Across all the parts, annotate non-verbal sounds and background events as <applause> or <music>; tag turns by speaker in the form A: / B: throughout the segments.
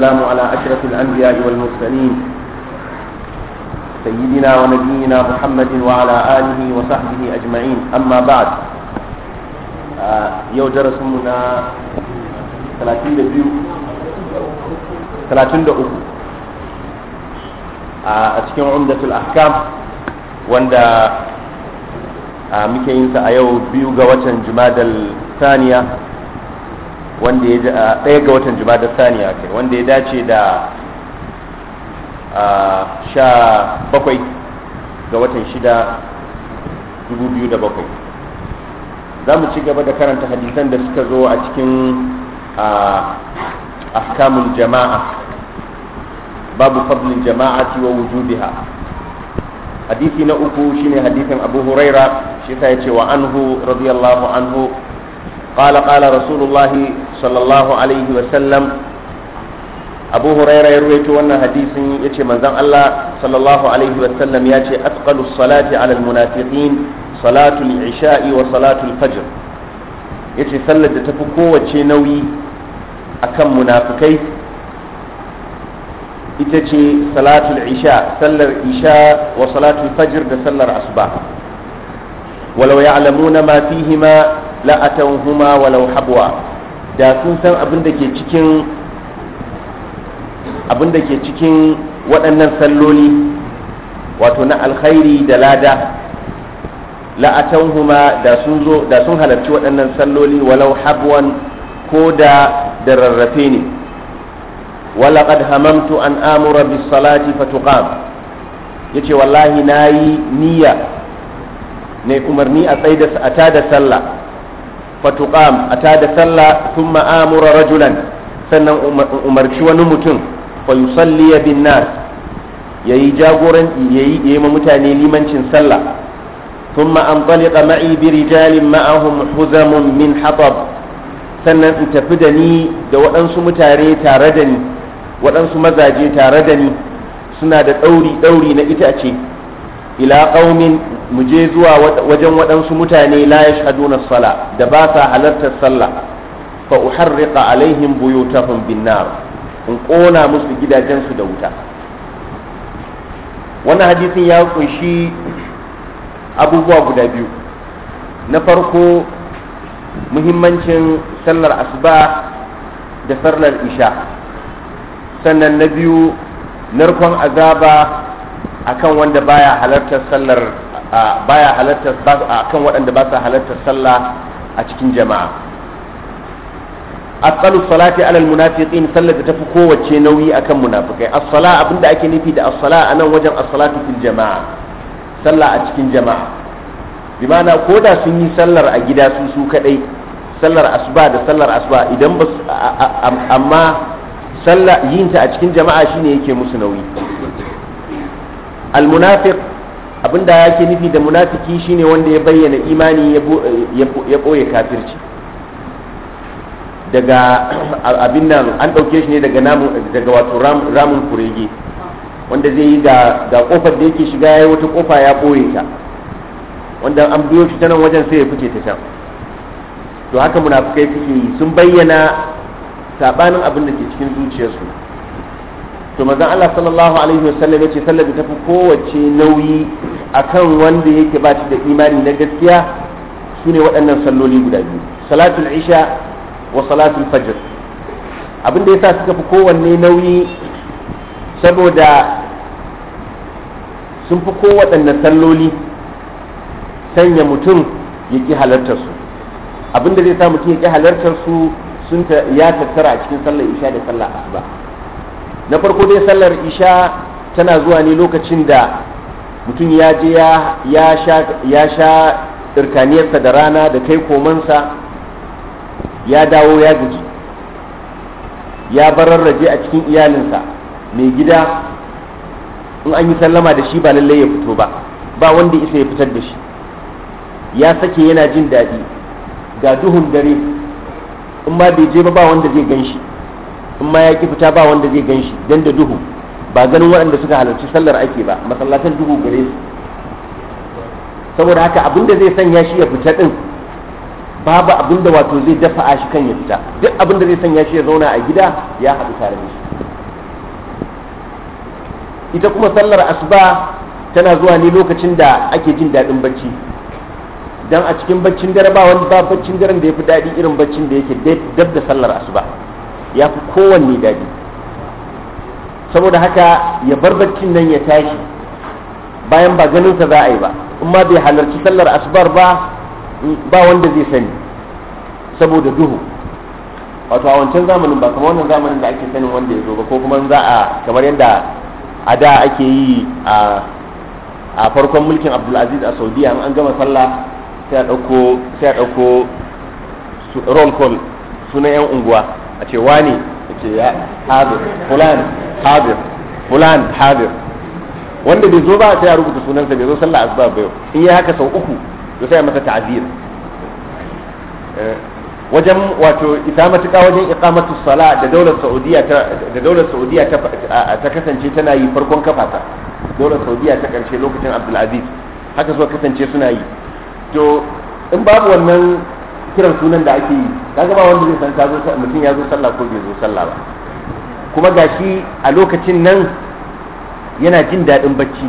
A: والسلام على أشرف الأنبياء والمرسلين سيدنا ونبينا محمد وعلى آله وصحبه أجمعين أما بعد يو درسنا
B: 32
A: 33 a cikin umdatul ahkam wanda muke yin sa a yau biyu ga watan jumadal saniya wanda ya a ɗaya ga watan jumada saniya kai wanda ya dace da sha bakwai ga watan shida dubu biyu da bakwai za mu ci gaba da karanta hadisan da suka zo a cikin ahkamun jama'a babu fadlin jama'ati wa wujudiha hadisi na uku shine hadisin abu huraira shi ta yace wa anhu radiyallahu anhu قال قال رسول صلى الله عليه وسلم أبو هريرة يروي أن حديث يتي من زم الله صلى الله عليه وسلم يأتي أثقل الصلاة على المنافقين صلاة العشاء وصلاة الفجر يتي صلاة تفكو وتي نوي أكم منافقي ita صلاة العشاء صلاة العشاء وصلاة الفجر salatul fajr ولو يعلمون ما فيهما ya'lamuna ma fihima la da sun san abin da ke cikin waɗannan salloli wato na alkhairi da lada la'atanhuma da sun da sun halarci waɗannan salloli walau habwan ko da da rarrafe ne walaƙad hamamtu an amura bis salati fatuqam yace wallahi nayi niyya ne umarni a tsaida a tada sallah fatuqam a ta da sallah thumma amura rajulan sannan umarci wani mutum fa ya bin nas yayi jagoran yayi yayi ma mutane limancin sallah thumma antaliqa ma'i bi rijalin ma'ahum huzamun min hatab sannan in tafi da ni da waɗansu mazaje tare da ni suna da ɗauri ɗauri na itace ila qaumin muje zuwa wajen waɗansu mutane la yashhaduna sala da ba sa halartar sallah fa uharriqa alaihim buyutahum bin nar in kona musu gidajensu da wuta wannan hadisin ya kunshi abubuwa guda biyu na farko muhimmancin sallar asuba da sallar isha sannan na biyu narkon azaba akan wanda baya halartar sallar baya halartar akan waɗanda ba sa halartar sallah a cikin jama'a aqalu salati alal munafiqin sallar da tafi kowace nauyi akan munafikai as-sala abinda ake nufi da as-sala anan wajen as-salatu fil jama'a sallah a cikin jama'a bi ma'ana ko da sun yi sallar a gida su su kadai sallar asuba da sallar asuba idan ba amma sallah yin ta a cikin jama'a shine yake musu nauyi almunafiq abinda yake nufi da munafiki shine wanda ya bayyana imani ya ɓoye kafirci daga <clears throat> abin nan an ɗauke shi ne daga daga wato ramun kurege wanda zai yi ga kofar da yake shiga ya wata kofa ya ɓoye ta wanda an biyo shi ta nan wajen sai ya fice ta can to haka munafukai suke yi sun bayyana sabanin abin da ke cikin zuciyarsu to manzon Allah sallallahu alaihi wasallam yace sallar da tafi kowace nauyi akan wanda yake ba shi da imani na gaskiya sune waɗannan salloli guda biyu salatul isha wa salatul fajr abin da yasa suka fi kowanne nauyi saboda sun fi kowaɗanne salloli sanya mutum ya ƙi halartar su abin da zai sa mutum ya ƙi halartar su sun ya tattara a cikin sallar isha da sallar asuba na farko dai sallar isha tana zuwa ne lokacin da mutum ya je ya sha irkaniyarsa da rana da kai komansa ya dawo ya guji ya bararraje a cikin iyalinsa mai gida in an yi sallama da shi ba lallai ya fito ba ba wanda isa ya fitar da shi ya sake yana jin daɗi ga duhun dare in ma bai je ba ba wanda zai gan shi in ma ya ki fita ba wanda zai gan shi dan da duhu ba ganin waɗanda suka halarci sallar ake ba masallatan duhu gare su saboda haka abinda zai sanya shi ya fita din babu abinda wato zai dafa a shi kan ya fita duk abinda zai sanya shi ya zauna a gida ya haɗu tare da shi ita kuma sallar asuba tana zuwa ne lokacin da ake jin daɗin bacci dan a cikin baccin dare ba wani ba baccin daren da ya fi daɗi irin baccin da yake dab da sallar asuba ya fi kowanne daɗi saboda haka ya bar baccin nan ya tashi bayan ba ganinsa za a yi ba in ma bai halarci sallar asubar ba ba wanda zai sani saboda duhu wato a wancan zamanin ba kamar wannan zamanin da ake sanin wanda ya zo ba ko kuma za a kamar yadda a da ake yi a a farkon mulkin abdulaziz a saudiya in an gama sallah sai a ɗauko roll call sunan 'yan unguwa a ce wani a ce ya hadir fulan hadir fulan hadir wanda bai zo ba a ya rubuta sunansa bai zo sallah asuba ba yau in ya haka sau uku to sai ya masa ta'zir eh, wajen wato isa matuka wajen iqamatu sala da daular saudiya ta ta kasance tana yi farkon kafata daular saudiya ta karshe lokacin abdul aziz haka suka kasance suna yi to in babu wannan kiran sunan da ake yi kaga ba wanda zai san ta zo mutum ya zo sallah ko bai zo sallah ba kuma gashi a lokacin nan yana jin daɗin bacci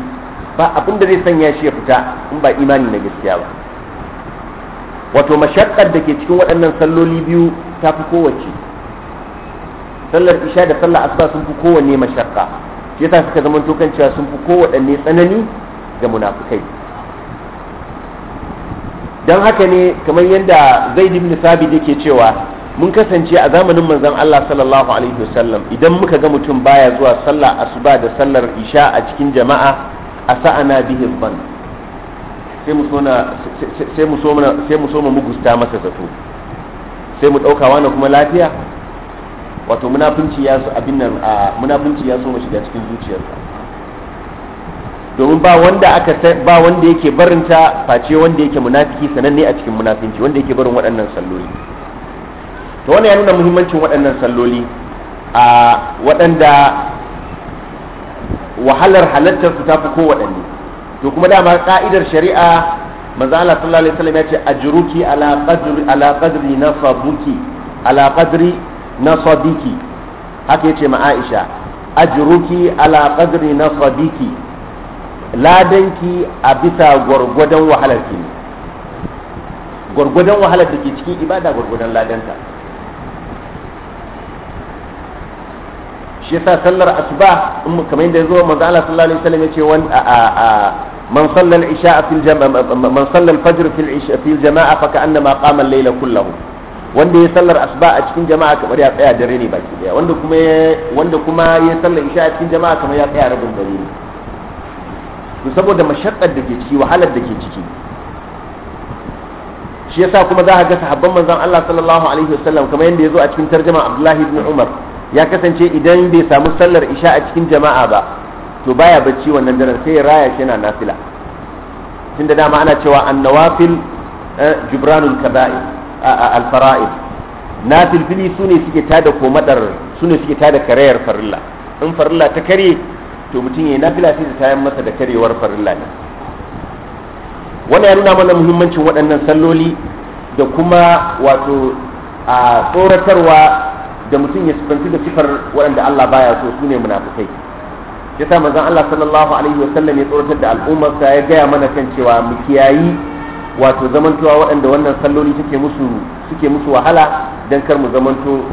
A: ba abin da zai sanya shi ya fita in ba imani na gaskiya ba wato mashakkar da ke cikin waɗannan salloli biyu ta fi kowace sallar isha da sallar asuba sun fi kowanne mashakka shi yasa suka zama to cewa sun fi kowaɗanne tsanani ga munafukai don haka ne kamar yadda zaid ibn sabit yake cewa mun kasance a zamanin manzon Allah sallallahu alaihi wasallam idan muka ga mutum baya zuwa sallah asuba da sallar isha a cikin jama'a a sa'ana bihi ban sai mu sona sai mu soma sai mu soma mu gusta masa zato sai mu dauka wani kuma lafiya wato munafunci ya so abin nan munafunci ya so mu shiga cikin zuciyarsa domin ba wanda aka ba wanda yake barinta face wanda yake munafiki sananne a cikin munafinci wanda yake barin waɗannan salloli to wannan ya nuna muhimmancin waɗannan salloli a waɗanda wahalar halattar su tafi ko waɗanne to kuma dama ka'idar shari'a manzo Allah sallallahu alaihi wasallam ya ce ajruki ala qadri ala qadri nasabuki ala qadri nasabiki haka yace ma Aisha ajruki ala qadri nasabiki ladanki a bisa gwargwadon wahalar ki ne gwargwadon wahalar da ke cikin ibada gwargwadon ladanta shi yasa sallar asuba in kamar yadda yazo manzo Allah sallallahu alaihi wasallam yace wan a a man salla al-isha fi al-jama'a man salla al-fajr fi al-isha fi al-jama'a fa ka'annama qama al-layla kullahu wanda ya sallar asuba a cikin jama'a kamar ya tsaya dare ne baki daya wanda kuma wanda kuma ya sallar isha a cikin jama'a kamar ya tsaya rabin dare ne to saboda mashakkar da ke ciki wahalar da ke ciki shi yasa kuma za a ga sahabban manzon Allah sallallahu alaihi wasallam kamar yadda yazo a cikin tarjuma Abdullahi ibn Umar ya kasance idan bai samu sallar isha a cikin jama'a ba to baya bacci wannan daren sai ya raya shi yana nafila tunda dama ana cewa annawafil eh, jibranul kaba'ir al-fara'id nafil fili sune suke tada komadar sune suke tada karayar farilla in farilla ta kare to mutum ya yi nafila sai ta tayar masa da karewar farilla ne wannan ya nuna mana muhimmancin waɗannan salloli da kuma wato a tsoratarwa da mutum ya sifanci da sifar waɗanda Allah baya so su ne munafukai ya sa manzon Allah sallallahu alaihi wasallam ya tsoratar da al'ummar sa ya gaya mana kan cewa mu kiyayi wato zamantowa waɗanda wannan salloli take musu suke musu wahala dan kar mu zamanto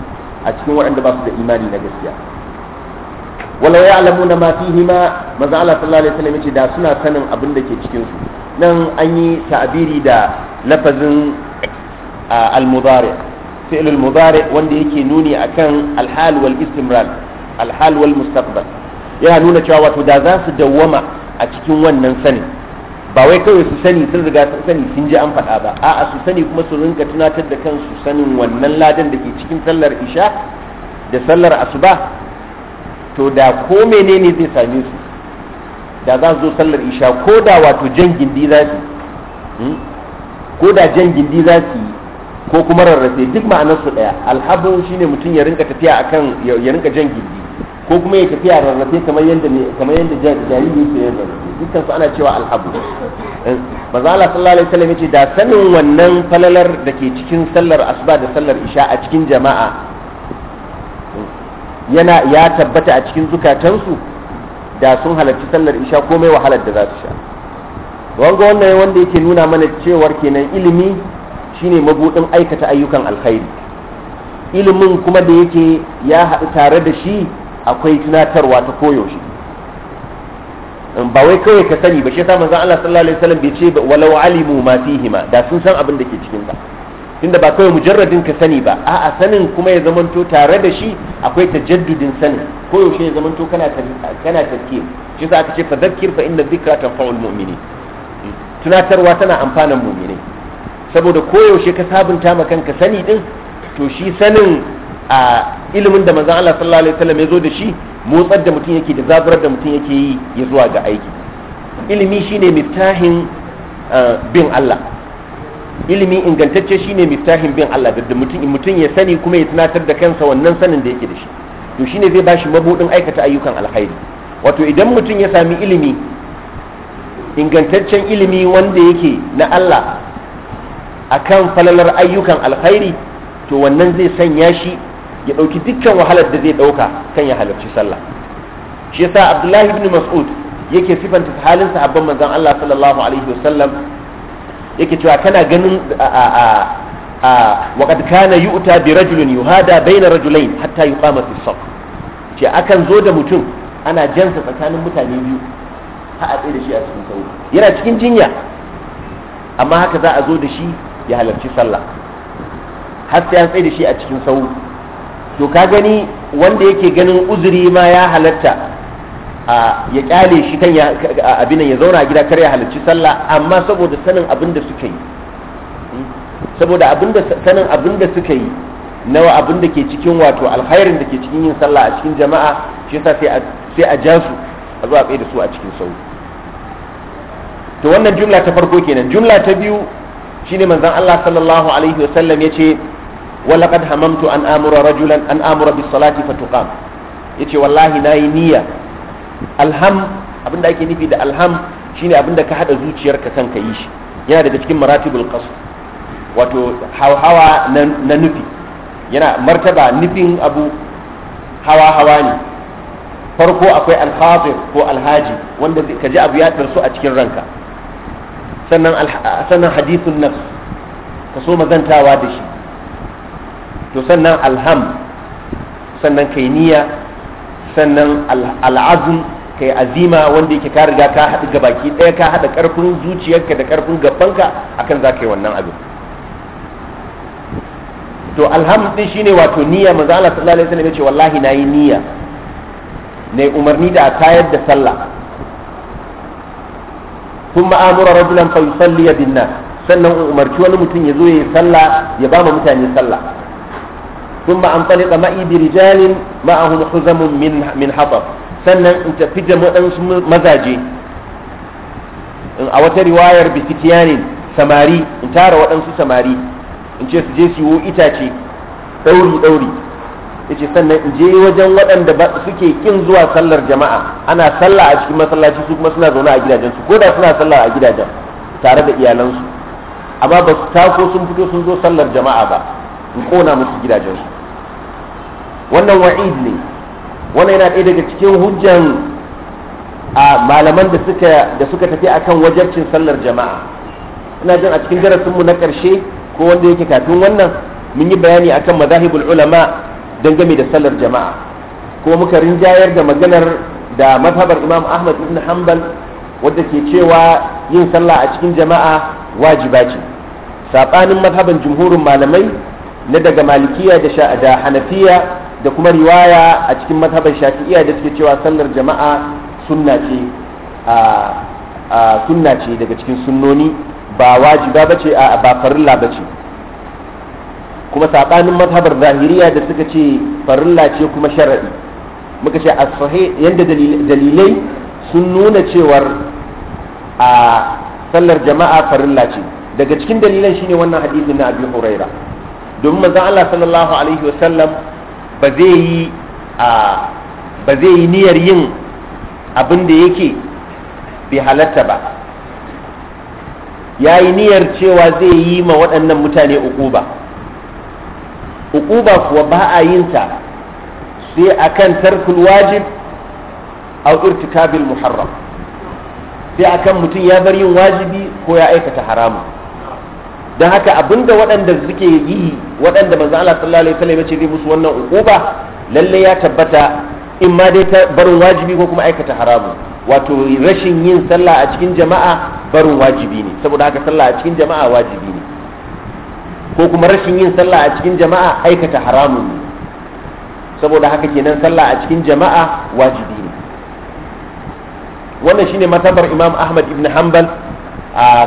A: a cikin waɗanda ba su da imani na gaskiya ya alamu na ma hima maza Allah sallallahu alaihi wasallam yace da suna sanin abin da ke cikin su nan an yi ta'abiri da lafazin al-mudari fi'l al-mudari wanda yake nuni akan al-hal wal istimrar al-hal wal mustaqbal yana nuna cewa wato da za su dawwama a cikin wannan sanin ba wai kawai su sani sun riga sun sani sun ji an faɗa ba a'a su sani kuma su rinka tunatar da kansu sanin wannan ladan da ke cikin sallar isha da sallar asuba to da ko menene zai same su da za su zo sallar isha ko da wato jan gindi za su hmm? ko da jan gindi za su ko kuma rarrafe duk ma'anar su daya alhabu shine mutum ya rinka tafiya akan ya rinka jan gindi ko kuma ya tafiya rarrafe kamar yadda kamar yadda jariri yake yin rarrafe dukkan su ana cewa alhabu eh, manzo Allah sallallahu alaihi wasallam yace da sanin wannan falalar da ke cikin sallar asuba da sallar isha a cikin jama'a yana ya tabbata a cikin zukatansu da sun halarci sallar isha komai wahalar da za su sha wanga wannan wanda yake nuna mana cewar kenan ilimi shine mabudin aikata ayyukan alkhairi ilimin kuma da yake ya haɗu tare da shi akwai tunatarwa ta koyaushe ba wai kawai ka sani ba shi sa manzon Allah sallallahu alaihi wasallam bai ce walau alimu ma fihima da sun san abin da ke cikin ba tunda ba kawai mujarradin ka sani ba a'a sanin kuma ya zamanto tare da shi akwai tajaddudin sanin ko yaushe ya zamanto kana kana tafkir shi za ka ce fa zakir fa inna dhikra tanfa'ul mu'mini hmm. tunatarwa tana amfanan mu'mini saboda koyaushe ka sabunta ma kanka sani din to shi sanin a ilimin da manzon Allah sallallahu alaihi wasallam ya zo da shi motsar da mutum yake da zaburar da mutum yake yi ya zuwa ga aiki ilimi shine miftahin bin Allah ilimi ingantacce shine miftahin bin Allah da mutum ya sani kuma ya tunatar da kansa wannan sanin da yake da shi to shine zai bashi mabudin aikata ayyukan alkhairi wato idan mutum ya sami ilimi ingantaccen ilimi wanda yake na Allah akan falalar ayyukan alkhairi to wannan zai sanya shi ya ɗauki dukkan wahalar da zai ɗauka kan ya halarci sallah shi yasa abdullahi ibn mas'ud yake sifanta halin sahabban manzon Allah sallallahu alaihi wasallam yake cewa kana ganin waƙad kana yu'ta bi rajulin yuhada baina rajulain hatta yuqama fi saf ce akan zo da mutum ana jansa tsakanin mutane biyu ha a tsaye da shi a cikin sauri yana cikin jinya amma haka za a zo da shi ya halarci sallah har sai an tsaye da shi a cikin sauri to ka gani wanda yake ganin uzuri ma ya halatta ya kyale shi kan abin ya zauna a gida kar ya halarci sallah amma saboda sanin abin da suka yi saboda abin da sanin abin da suka yi nawa abin da ke cikin wato alkhairin da ke cikin yin sallah a cikin jama'a shi yasa sai sai a ja su a zuwa tsaye da su a cikin sau to wannan jumla ta farko kenan jumla ta biyu shine manzon Allah sallallahu alaihi wa wasallam yace wa laqad hamamtu an amura rajulan an amura bis salati fatuqam yace wallahi nayi niyya alham abinda ake nufi da alham shine abinda ka hada zuciyarka kan ka yi shi yana daga cikin maratibul qasd wato hawa na nufi yana martaba nufin abu hawa hawa ne farko akwai alhazir ko alhaji wanda ka ji abu ya tarso a cikin ranka sannan sannan hadithun nafs ka so mazantawa da shi to sannan alham sannan kainiya. niyya sannan al'azum ka yi azima wanda yake ka riga ka haɗu ga baki ɗaya ka haɗa ƙarfin zuciyarka da ƙarfin gabanka akan za ka yi wannan abin to alhamdu din shine wato niyya manzo Allah sallallahu alaihi wasallam yace wallahi nayi niyya ne umarni da a tayar da sallah kun amura rajulan fa yusalli bin nas sannan umarci wani mutum ya zo ya yi sallah ya ba mutane sallah ثم انطلق معي برجال معهم حزم من من حطب sannan in tafi da waɗansu mazaje a wata riwayar bisikiyanin samari in tara waɗansu samari in ce su je su itace ɗauri ɗauri sannan in je wajen waɗanda suke kin zuwa sallar jama'a ana sallah a cikin masallaci su kuma suna zaune a gidajensu ko da suna sallah a gidajen tare da iyalansu amma ba su tako sun fito sun zo sallar jama'a ba in kona musu gidajensu wannan wa'id ne wannan yana ɗaya daga cikin hujjan a malaman da suka da suka tafi akan wajabcin sallar jama'a ina jin a cikin darasin mu na karshe ko wanda yake kafin wannan mun yi bayani akan mazahibul ulama dangane da sallar jama'a ko muka rinjayar da maganar da mazhabar imam ahmad ibn hanbal wadda ke cewa yin sallah a cikin jama'a wajiba ce saɓanin mazhaban jumhurin malamai na daga malikiya da da hanafiya da kuma riwaya a cikin mazhabar shafi'iya da suke cewa sallar jama'a sunna ce a sunna ce daga cikin sunnoni ba wajiba bace a ba farilla bace kuma sabanin mazhabar zahiriya da suka ce farilla ce kuma sharadi muka ce as-sahih yanda dalilai sun nuna cewar a sallar jama'a farilla ce daga cikin dalilan shine wannan hadisi na Abi Hurairah domin manzon Allah sallallahu alaihi sallam ba zai yi ba zai yi niyyar yin abin da yake bai halatta ba ya yi niyyar cewa zai yi ma waɗannan mutane uquba uquba kuwa ba a yin ta sai akan tarkul wajib aw irtikabil muharram sai akan mutum ya bar yin wajibi ko ya aikata haramun don haka abinda waɗanda suke yi waɗanda manzo Allah sallallahu alaihi wasallam ce zai musu wannan uquba lalle ya tabbata in ma dai ta barin wajibi ko kuma aikata haramu wato rashin yin sallah a cikin jama'a barin wajibi ne saboda haka sallah a cikin jama'a wajibi ne ko kuma rashin yin sallah a cikin jama'a aikata haramu ne saboda haka kenan sallah a cikin jama'a wajibi ne wannan shine matabar Imam Ahmad ibn Hanbal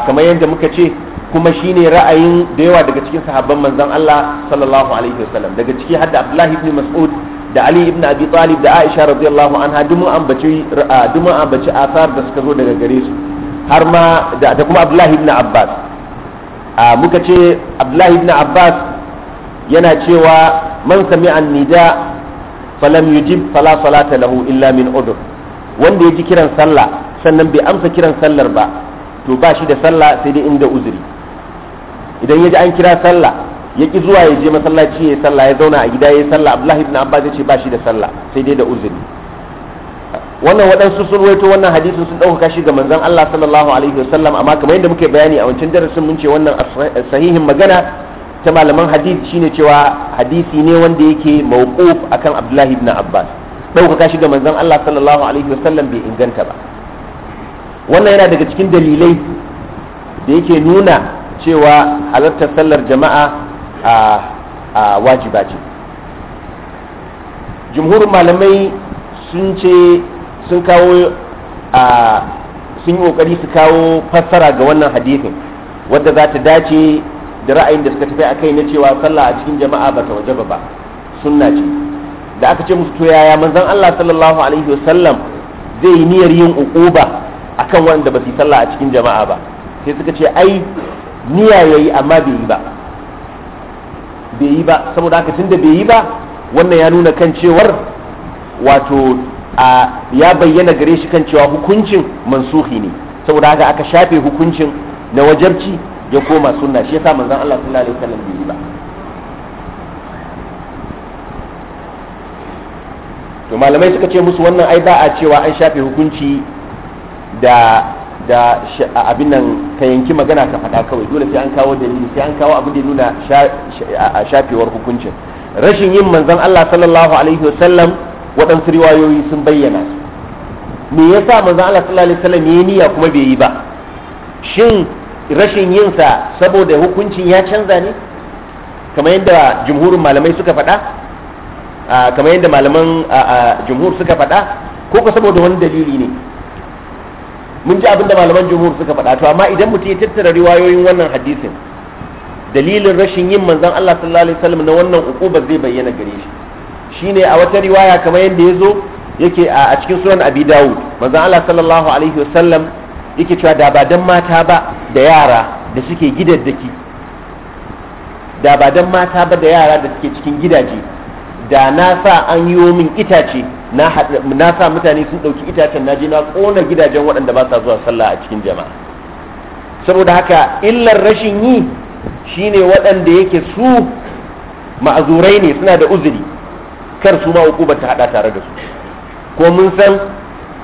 A: kamar yadda muka ce kuma shine ra'ayin da yawa daga cikin sahabban manzon Allah sallallahu alaihi wasallam daga ciki hadda Abdullahi ibn Mas'ud da Ali ibn Abi Talib da Aisha radiyallahu anha dumu ambaci dumu asar da suka zo daga gare su har ma da kuma Abdullahi ibn Abbas a muka ce Abdullahi ibn Abbas yana cewa man sami'a nida falam yujib fala salata lahu illa min udhr wanda ya ji kiran sallah sannan bai amsa kiran sallar ba to ba shi da sallah sai dai inda uzuri idan ya ji an kira sallah ya ki zuwa ya je masallaci ya sallah ya zauna a gida ya yi sallah abdullahi ibn abbas ya ce ba shi da sallah sai dai da uzuri wannan waɗansu sun waito wannan hadisin sun ɗauka shi ga manzon Allah sallallahu alaihi wasallam amma kamar yadda muke bayani a wancan darasin mun ce wannan sahihin magana ta malaman hadisi shine cewa hadisi ne wanda yake mawquf akan abdullahi ibn abbas ɗaukaka shi ga manzon Allah sallallahu alaihi wasallam bai inganta ba wannan yana daga cikin dalilai da yake nuna cewa halartar sallar jama'a a wajiba ce jumhurin malamai sun ce sun kawo a sun yi kokari su kawo fassara ga wannan hadithin wadda za ta dace da ra'ayin da suka tafi a kai na cewa sallah a cikin jama'a ba ta wajaba ba sunna ce da aka ce musu to yaya manzon Allah sallallahu alaihi wasallam zai yi niyyar yin uquba akan wanda ba su sallah a cikin jama'a ba sai suka ce ai niyya yayi amma bai yi ba bai yi ba saboda haka tunda bai yi ba wannan ya nuna kan cewar wato a ya bayyana gare shi kan cewa hukuncin mansuhi ne saboda haka aka shafe hukuncin na wajabci ya koma sunna shi yasa manzon Allah sallallahu alaihi wasallam bai yi ba to malamai suka ce musu wannan ai ba a cewa an shafe hukunci da da abin nan ka yanki magana ka faɗa kawai dole sai an kawo dalili sai an kawo abin da nuna a shafewar hukuncin rashin yin manzon Allah sallallahu alaihi wasallam waɗansu riwayoyi sun bayyana me yasa manzon Allah sallallahu alaihi wasallam yayi niyya kuma bai yi ba shin rashin yin sa saboda hukuncin ya canza ne kamar yadda jumhurin malamai suka faɗa kamar yadda malaman jumhur suka faɗa ko ko saboda wani dalili ne mun ji abin da malaman jumhur suka faɗa to amma idan mutum ya tattara riwayoyin wannan hadisin dalilin rashin yin manzon Allah sallallahu alaihi wasallam na wannan ukubar zai bayyana gare shi shine a wata riwaya kamar yadda ya zo yake a cikin sunan abi dawud manzon Allah sallallahu alaihi wasallam yake cewa da ba dan mata ba da yara da suke gidaddaki da ba dan mata ba da yara da suke cikin gidaje da na sa an yi min itace na sa mutane sun ɗauki itacen na je na ƙona gidajen waɗanda ba sa zuwa sallah a cikin jama'a saboda haka illar rashin yi shine waɗanda yake su ma'azurai ne suna da uzuri kar su ma uku ta haɗa tare da su ko mun san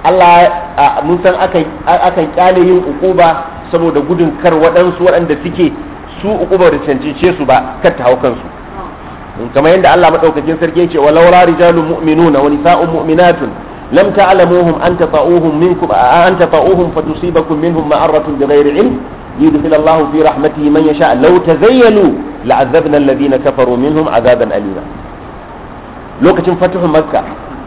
A: Allah mun san akan kyale yin ukuba saboda gudun kar waɗansu waɗanda suke su ukuba da cancance su ba kar ta hau kansu kamar yadda Allah madaukakin sarki yace wa laura rijalun mu'minuna wa nisa'un mu'minatun lam ta'lamuhum an tafa'uhum minkum an tafa'uhum fatusibakum minhum ma'aratun bighairi ilm يدخل الله في رحمته من يشاء لو تزيلوا لعذبنا الذين كفروا منهم عذابا أليما lokacin فتح مكة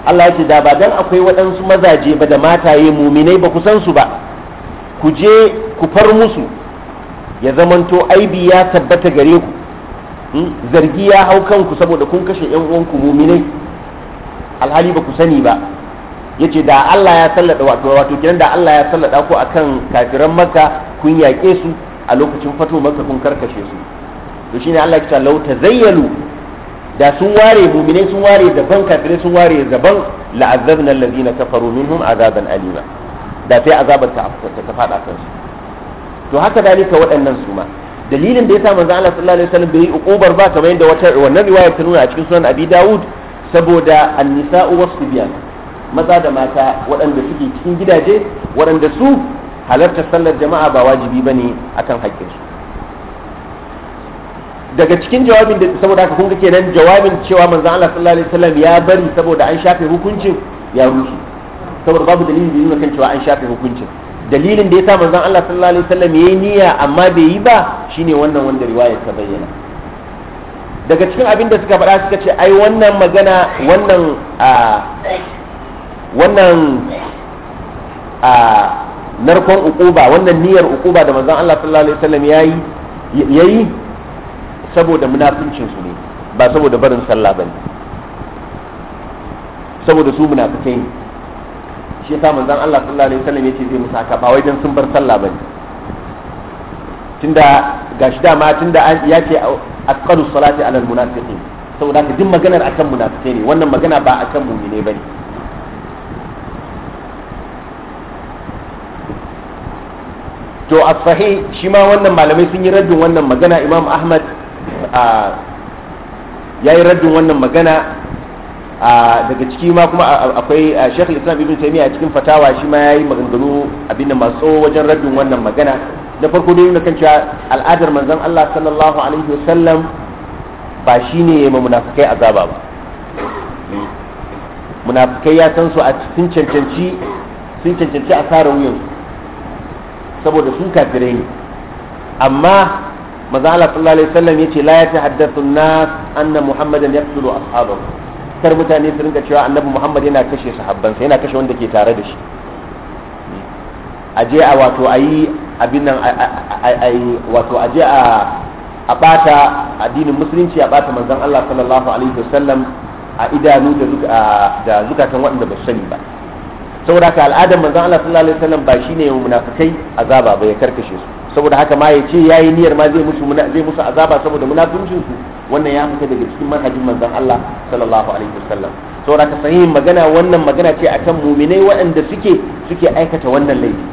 A: Allah ya da ba dan akwai waɗansu mazaje ba da mataye muminai ba ku san su ba ku je ku far musu ya zamanto aibi ya tabbata gare ku zargi ya hau kanku saboda kun kashe yan uwanku muminai alhali ba ku sani ba yace da Allah ya sallada wato wato kiran da Allah ya sallada ku akan kafiran Makka kun yaƙe su a lokacin fato Makka kun karkashe su to shine Allah ya ce law tazayyalu da sun ware muminai sun ware daban kafirai sun ware daban la'azzabna alladhina kafaru minhum azaban alima da sai azabar ta ta fada kansu to haka dalika waɗannan su ma dalilin da yasa manzo Allah sallallahu alaihi wasallam bai uqubar ba kamar yadda wata wannan riwaya ta nuna a cikin sunan Abi Dawud saboda an-nisa'u was-sibyan maza da mata waɗanda suke cikin gidaje waɗanda su halartar sallar jama'a ba wajibi bane akan haƙƙinsu daga cikin jawabin da saboda haka kun ga kenan jawabin cewa manzo Allah sallallahu alaihi wasallam ya bari saboda an shafe hukuncin ya rushe saboda babu dalilin da nuna kan cewa an shafe hukuncin dalilin da ya sa manzon Allah sallallahu alaihi wasallam yayi niyya amma bai yi ba shine wannan wanda riwaya ta bayyana daga cikin abin da suka faɗa suka ce ai wannan magana wannan a wannan a narkon ukuba wannan niyyar ukuba da manzon Allah sallallahu alaihi wasallam yayi yayi saboda munafincin su ne ba saboda barin sallah bane saboda su munafikai ne shi yasa manzon Allah sallallahu alaihi wasallam yace zai musu haka ba wai dan sun bar sallah bane tunda gashi dama tunda ya ce aqallu salati ala almunafiqin saboda ka duk maganar akan munafikai ne wannan magana ba akan mu'mine bane to as-sahih shi ma wannan malamai sun yi raddin wannan magana Imam Ahmad ya yi raddin wannan magana daga ciki ma kuma akwai shekul islam ibn taymiya a cikin fatawa shi ma ya yi maganganu abinda masu wajen rabin wannan magana na farko dai nuna kan cewa al'adar manzon allah sallallahu alaihi wasallam ba shi ne ma munafukai azaba ba munafukai ya san su a cikin cancanci sun cancanci a tsara wuyan saboda sun kafire ne amma manzon allah sallallahu alaihi wasallam ya ce la ya ta haddathu nas anna muhammadan yaqtulu ashabahu kar mutane su rinka cewa annabi muhammad yana kashe sahabbansa yana kashe wanda ke tare da shi a je a wato a yi abin nan wato a je a bata addinin musulunci a bata manzon allah sallallahu alaihi wasallam a idanu da zukatan waɗanda ba sani ba saboda ka al'adar manzon allah sallallahu alaihi wasallam ba shine munafikai azaba ba ya karkashe su saboda haka ma ya ce ya yi niyyar ma zai musu zai musu azaba saboda munafincin su wannan ya fita daga cikin manhajin manzon Allah sallallahu alaihi wasallam saboda haka sani magana wannan magana ce akan muminai waɗanda suke suke aikata wannan laifi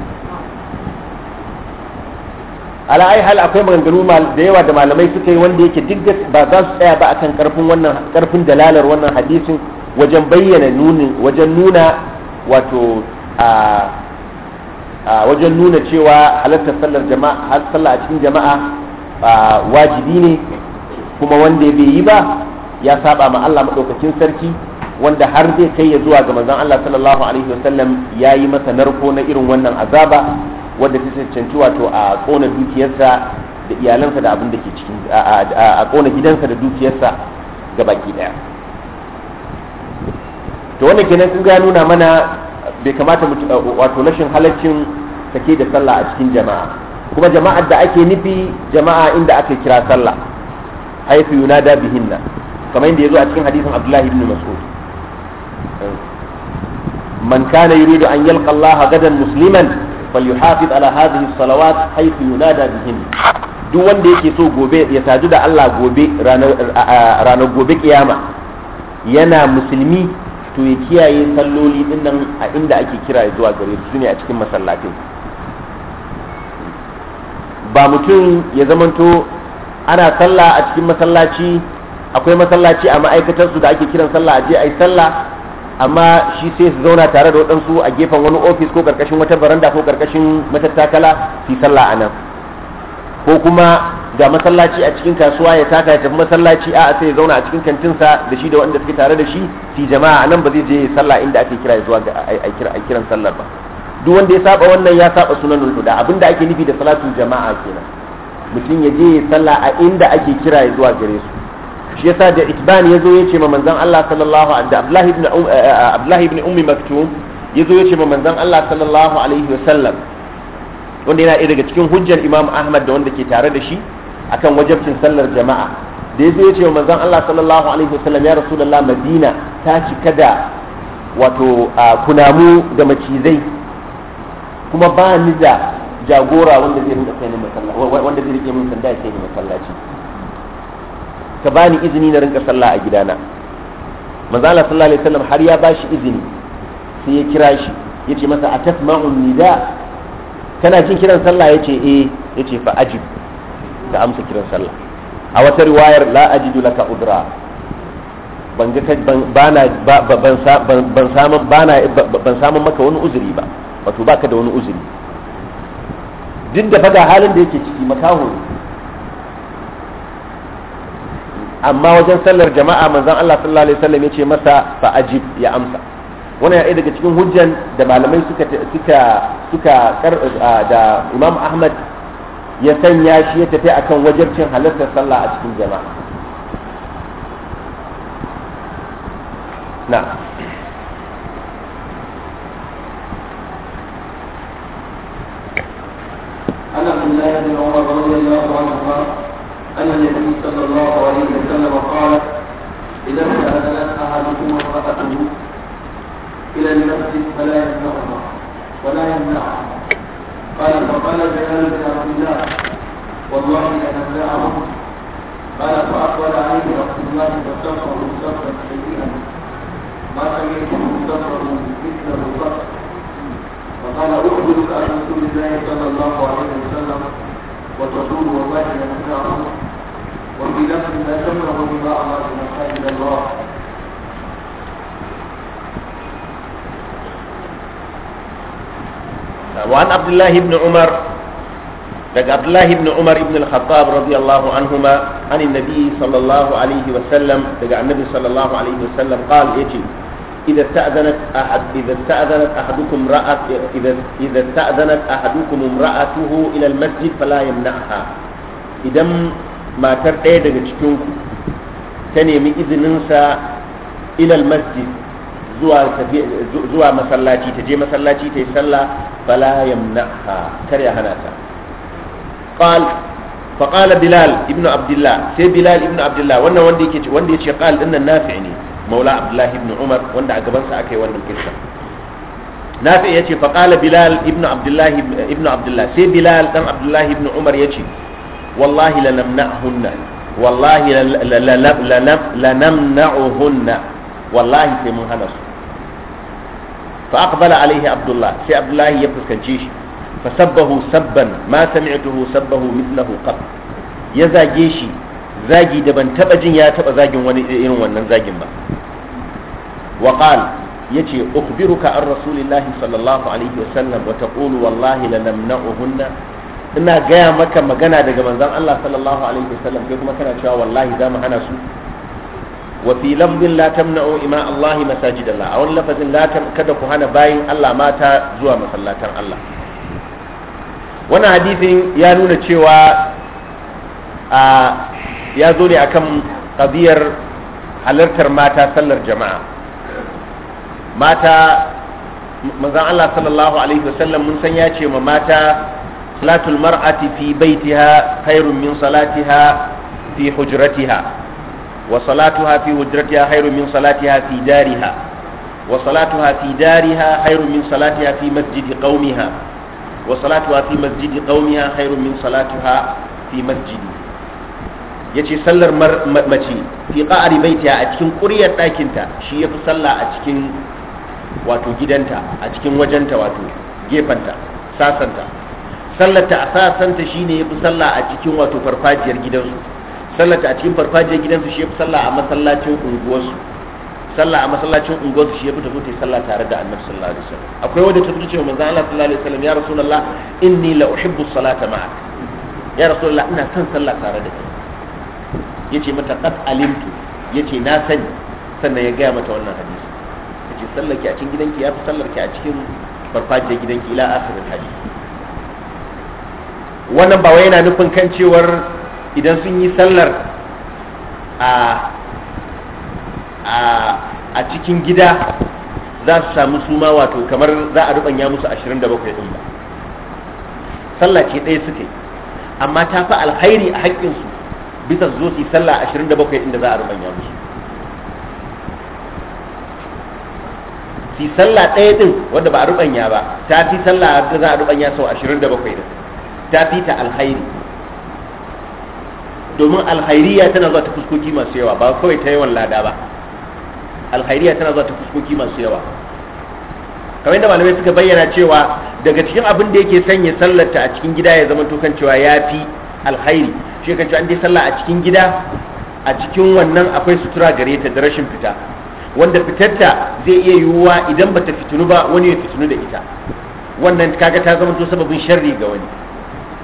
A: ala ai hal akwai maganganu da yawa da malamai suka yi wanda yake duk ba za su tsaya ba akan karfin wannan karfin dalalar wannan hadisin wajen bayyana nuni wajen nuna wato wajen nuna cewa halartar sallar jama'a har sallah a cikin jama'a wajibi ne kuma wanda bai yi ba ya saba ma Allah madaukakin sarki wanda har zai kai ya zuwa ga manzon Allah sallallahu alaihi wasallam yayi masa narko na irin wannan azaba wanda ta cancanci wato a kona dukiyarsa da iyalansa da abin da ke cikin a kona gidansa da dukiyarsa ga baki daya to wannan kenan kun ga nuna mana bai kamata eh, wato rashin halaccin sake da sallah a cikin jama'a kuma jama'ar da ake nufi jama'a inda aka kira sallah haifu yunada bihinna kamar yadda yazo a cikin hadisin Abdullahi ibn Mas'ud man kana yuridu an yalqa Allah gadan musliman falyuhafiz ala hadhihi salawat haifu yunada bihinna duk wanda yake so gobe ya sadu da Allah gobe ranar eh, gobe kiyama yana musulmi to ya kiyaye salloli din nan a inda ake kira zuwa gare su ne a cikin masallatin ba mutum ya zamanto ana sallah a cikin masallaci akwai masallaci a ma'aikatar su da ake kiran sallah a je a yi sallah amma shi sai su zauna tare da waɗansu a gefen wani ofis ko karkashin wata baranda ko karkashin matattakala su yi sallah a nan ko kuma ga masallaci a cikin kasuwa ya taka ya tafi masallaci a sai ya zauna a cikin kantinsa da shi da wanda suke tare da shi fi jama'a nan ba zai je sallah inda ake kira zuwa ga a kiran sallar ba duk wanda ya saba wannan ya saba sunanul huda abinda ake nufi da salatu jama'a kenan mutum ya je ya sallah a inda ake kira zuwa gare su shi yasa da itban ya zo ya ce ma manzon Allah sallallahu alaihi da Abdullahi ibn eh, eh, Abdullahi ibn Ummi Maktum ya zo ya ce ma manzon Allah sallallahu alaihi wa sallam wanda yana daga cikin hujjar Imam Ahmad da wanda ke tare da shi akan wajabcin sallar jama'a da ya zo ya ce wa manzon Allah sallallahu alaihi wasallam ya rasulullah madina ta cika da wato kunamu da macizai kuma ba ni da jagora wanda zai rinka kai ni masallaci wanda zai rike min sanda ya kai ni masallaci ka bani izini na rinka sallah a gidana manzo Allah sallallahu alaihi wasallam har ya ba shi izini sai ya kira shi yace masa atasma'un nida kana jin kiran sallah yace eh yace fa ajib da amsa kiran sallah a wata riwayar la ajidu laka udra ban ga bana ban samu bana ban samu maka wani uzuri ba wato baka da wani uzuri duk da faga halin da yake ciki makaho amma wajen sallar jama'a manzon Allah sallallahu alaihi wasallam yace masa fa ajib ya amsa wannan ya daga cikin hujjan da malamai suka suka suka da Imam Ahmad ya sanya shi ya tafi akan wajabcin halartar sallah a cikin jama'a na
B: أنا عبد الله بن عمر رضي الله عنهما أن النبي صلى الله عليه وسلم قال إذا سألت أحدكم امرأته إلى المسجد فلا يمنعها ولا يمنعها قال فقال بلال بن عبد الله والله انا لا اعرفه قال فاقبل عليه رسول الله فاستغفر مستغفر كثيرا ما سمعته مستغفر مثله قط فقال اخبرك عن رسول الله صلى الله عليه وسلم وتقول والله انا لا اعرفه وفي لفظ لا تمره بما امرك مساجد الله
C: وعن
A: عبد الله بن عمر daga abdullahi ibn umar ibn al-khattab radiyallahu anhuma an annabi sallallahu alaihi wa sallam daga annabi sallallahu alaihi wa sallam qal yace idza ta'adanat ahad idza ta'adanat ahadukum ra'at idza idza ta'adanat ahadukum imra'atuhu ila al-masjid fala idan matar ɗaya daga cikin ku ta nemi izinin sa masjid zuwa masallaci ta je masallaci ta yi sallah fala yamna'ha kar ya hana ta qal fa qala bilal ibn abdullah sai bilal ibn abdullah wannan wanda yake wanda yace qal dinnan nafi' ne maula abdullah ibn umar wanda a gaban sa aka yi wannan kissa nafi' yace fa qala bilal ibn abdullah ibn abdullah sai bilal dan abdullah ibn umar yace wallahi la namna'hunna wallahi la wallahi sai mun hana su fa aqbala alaihi abdullah sai abdullahi ya fuskance shi fa sabbahu sabban ma sami'tuhu sabbahu mithlahu qab ya zage shi zagi da ban taba jin ya taba zagin wani irin wannan zagin ba wa qala yace ukhbiruka an rasulillah sallallahu alaihi wasallam wa taqulu wallahi la ina gaya maka magana daga manzon Allah sallallahu alaihi wasallam kai kuma kana cewa wallahi za mu hana su wa fi lafzin la tamna'u ima Allah masajid Allah a wani lafazin la kada ku hana bayin Allah mata zuwa masallatan Allah wannan hadisin ya nuna cewa a ya ne akan qadiyar halartar mata sallar jama'a mata Allah sallallahu alaihi wasallam mun san ya ce ma mata salatul mar'ati fi baitiha khairun min salatiha fi hujratiha wa salatuha fi wujratiha khairun min salatiha fi dariha wa salatuha fi dariha khairun min salatiha fi masjidi qaumiha wa salatuha fi masjidi qaumiha khairun min yace sallar mace fi a cikin ƙuryar ɗakinta shi yafi sallah a cikin wato gidanta a cikin wajenta wato gefanta sasanta sallarta a sasanta ya fi sallah a cikin wato farfajiyar gidansu sallata a cikin farfajiyar gidansu shi ya fi sallah a masallacin unguwarsu sallah a masallacin unguwarsu shi ya fi tafi sallah tare da annabi sallallahu alaihi wasallam akwai wanda ta fito cewa manzo Allah sallallahu alaihi wasallam ya rasulullah inni la uhibbu salata ma'ak ya rasulullah ina son sallah tare da kai yace mata qad alimtu yace na sani sannan ya gaya mata wannan hadisi yace sallar ki a cikin gidanki ya fi sallar ki a cikin farfajiyar gidanki ila akhirin hadisi wannan ba wai yana nufin kan cewar idan sun yi sallar a cikin gida za su samu suma wato kamar za a rubanya musu 27 din ba sallah ce ɗaya suke amma ta fi alkhairi a haƙƙinsu bisa su zo su yi sallah 27 din da za a rubanya musu su yi sallah ɗaya din wanda ba a rubanya ba ta fi sallah da za a rubanya sau 27 din ta fi ta alkhairi domin alkhairiya tana zuwa ta fuskoki masu yawa ba kawai ta yawan lada ba alkhairiya tana zuwa ta fuskoki masu yawa kamar yadda malamai suka bayyana cewa daga cikin abin da yake sanya sallar ta a cikin gida ya zama tokan cewa ya fi alkhairi shi kan cewa an dai sallah a cikin gida a cikin wannan akwai sutura gare ta da rashin fita wanda fitarta zai iya yiwuwa idan bata fitinu ba wani ya fitinu da ita wannan kaga ta zama to sababin sharri ga wani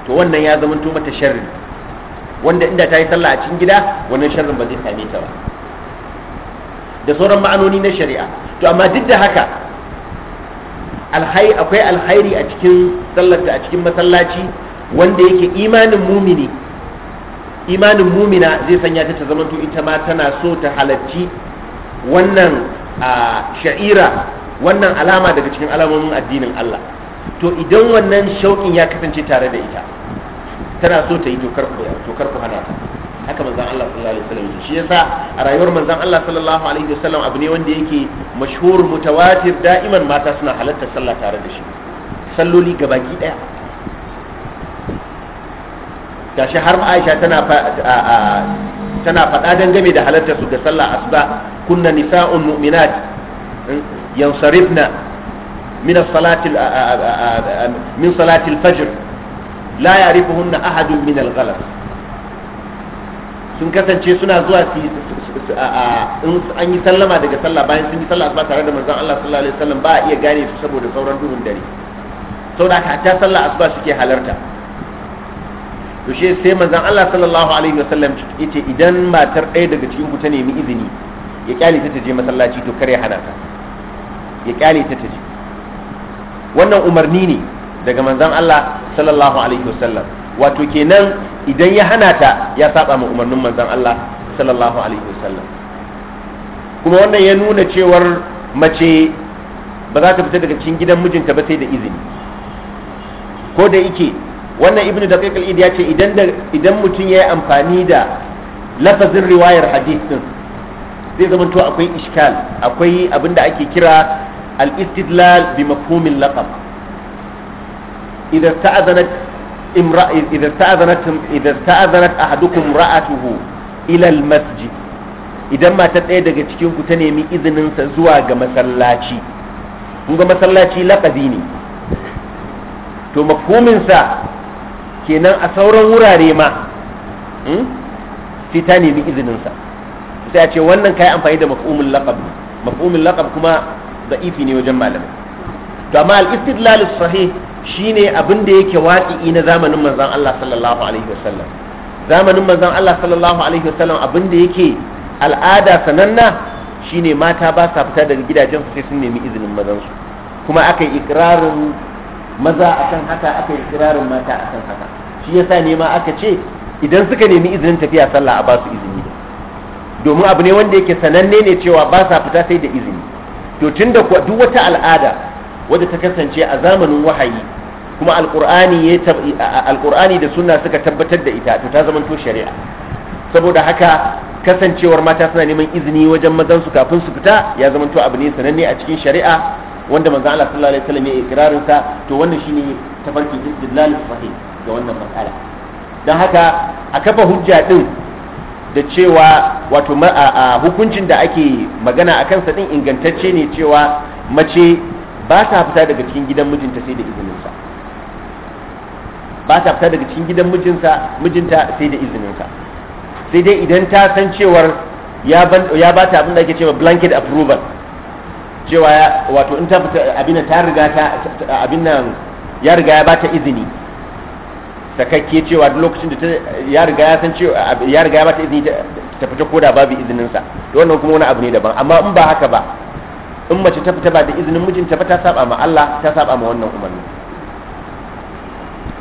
A: to wannan ya zama to mata sharri wanda inda ta yi sallah a cikin gida wannan sharrin ba zai same ta ba da sauran ma'anoni na shari'a to amma duk da haka akwai alhairi a cikin sallar a cikin masallaci wanda yake imanin mumini imanin mumina zai sanya ta ta zamanto ita ma tana so ta halarci wannan sha'ira wannan alama daga cikin alamomin addinin Allah to idan wannan shauƙin ya kasance tare da ita tana so ta yi dokar ku dokar ku hana ta haka manzon Allah sallallahu alaihi wasallam shi yasa a rayuwar manzon Allah sallallahu alaihi wasallam abu ne wanda yake mashhur mutawatir da'iman mata suna halarta sallah tare da shi salloli gabaki daya gashi har ma Aisha tana tana faɗa dangane da halartar su ga sallah asuba kunna nisa'un mu'minat hmm, yansarifna min salati min salati al-fajr la ya'rifuhunna ahadun min al-ghalas sun kasance suna zuwa in an yi sallama daga sallah bayan sun yi sallah asuba tare da manzon Allah sallallahu alaihi wasallam ba a iya gane su saboda sauran duhun dare saboda ta sallah asuba suke halarta to she sai manzon Allah sallallahu alaihi wasallam yace idan matar ɗaya daga cikin ku ta nemi izini ya kyale ta je masallaci to kare hana ta ya kyale ta ta je wannan umarni ne daga manzan Allah sallallahu alaihi wasallam wato kenan idan ya hana ta ya saba ma umarnin Manzan Allah sallallahu alaihi wasallam kuma wannan ya nuna cewar mace ba za ta fita daga cikin gidan mijinta ba sai da izini ko da yake wannan ibnu daqiq ya ce idan idan mutum yi amfani da lafazin riwayar hadith din zai zama to akwai ishkal akwai da ake kira al-istidlal bi mafhumil laqab إذا استأذنت امرأة إذا استأذنت إذا استأذنت أحدكم امرأته إلى المسجد إذا ما تتأذى تكون كتنمي إذن سزوا مسلاتي zuwa ga masallaci masallaci laƙabi ne to mafhuminsa kenan a sauran wurare ma sai ta nemi izininsa sai a ce wannan ka yi amfani da mafhumin laƙab mafhumin laƙab kuma da ifi ne wajen malamai to amma al-istidlal sahih shine abin da yake waƙi'i na zamanin manzon Allah sallallahu alaihi wasallam zamanin manzon Allah sallallahu alaihi wasallam abin da yake al'ada sananna shine mata ba sa fita daga gidajen su sai sun nemi izinin mazan su kuma aka yi ikrarin maza akan haka aka yi ikrarin mata akan haka shi yasa ne ma aka ce idan suka nemi izinin tafiya sallah a ba su izini domin abu ne wanda yake sananne ne cewa ba sa fita sai da izini to tunda duk wata al'ada wadda ta kasance a zamanin wahayi kuma alkur'ani da suna suka tabbatar da ita to ta zamanto shari'a saboda haka kasancewar mata suna neman izini wajen mazan su kafin su fita ya zamanto abu ne sananne a cikin shari'a wanda manzo Allah sallallahu alaihi wasallam ya ikrarin sa to wannan shine tafarkin istidlal sahih ga wannan matsala dan haka a kafa hujja din da cewa wato hukuncin da ake magana akan sa din ingantacce ne cewa mace ba ta fita daga cikin gidan mijinta sai da izininsa ba ta fita daga cikin gidan mijinta mijinta sai da izininsa sai dai idan ta san cewar ya ba ta abin da ake cewa blanket approval cewa wato in ta fita abin ta riga ta abin nan ya riga ya ba ta izini sakakke cewa duk lokacin da ya riga ya san cewa ya riga ya ba ta izini ta fita koda babu izinin sa to wannan kuma wani abu ne daban amma in ba haka ba in mace ta fita ba da izinin mijinta ba ta saba ma Allah ta saba ma wannan umarni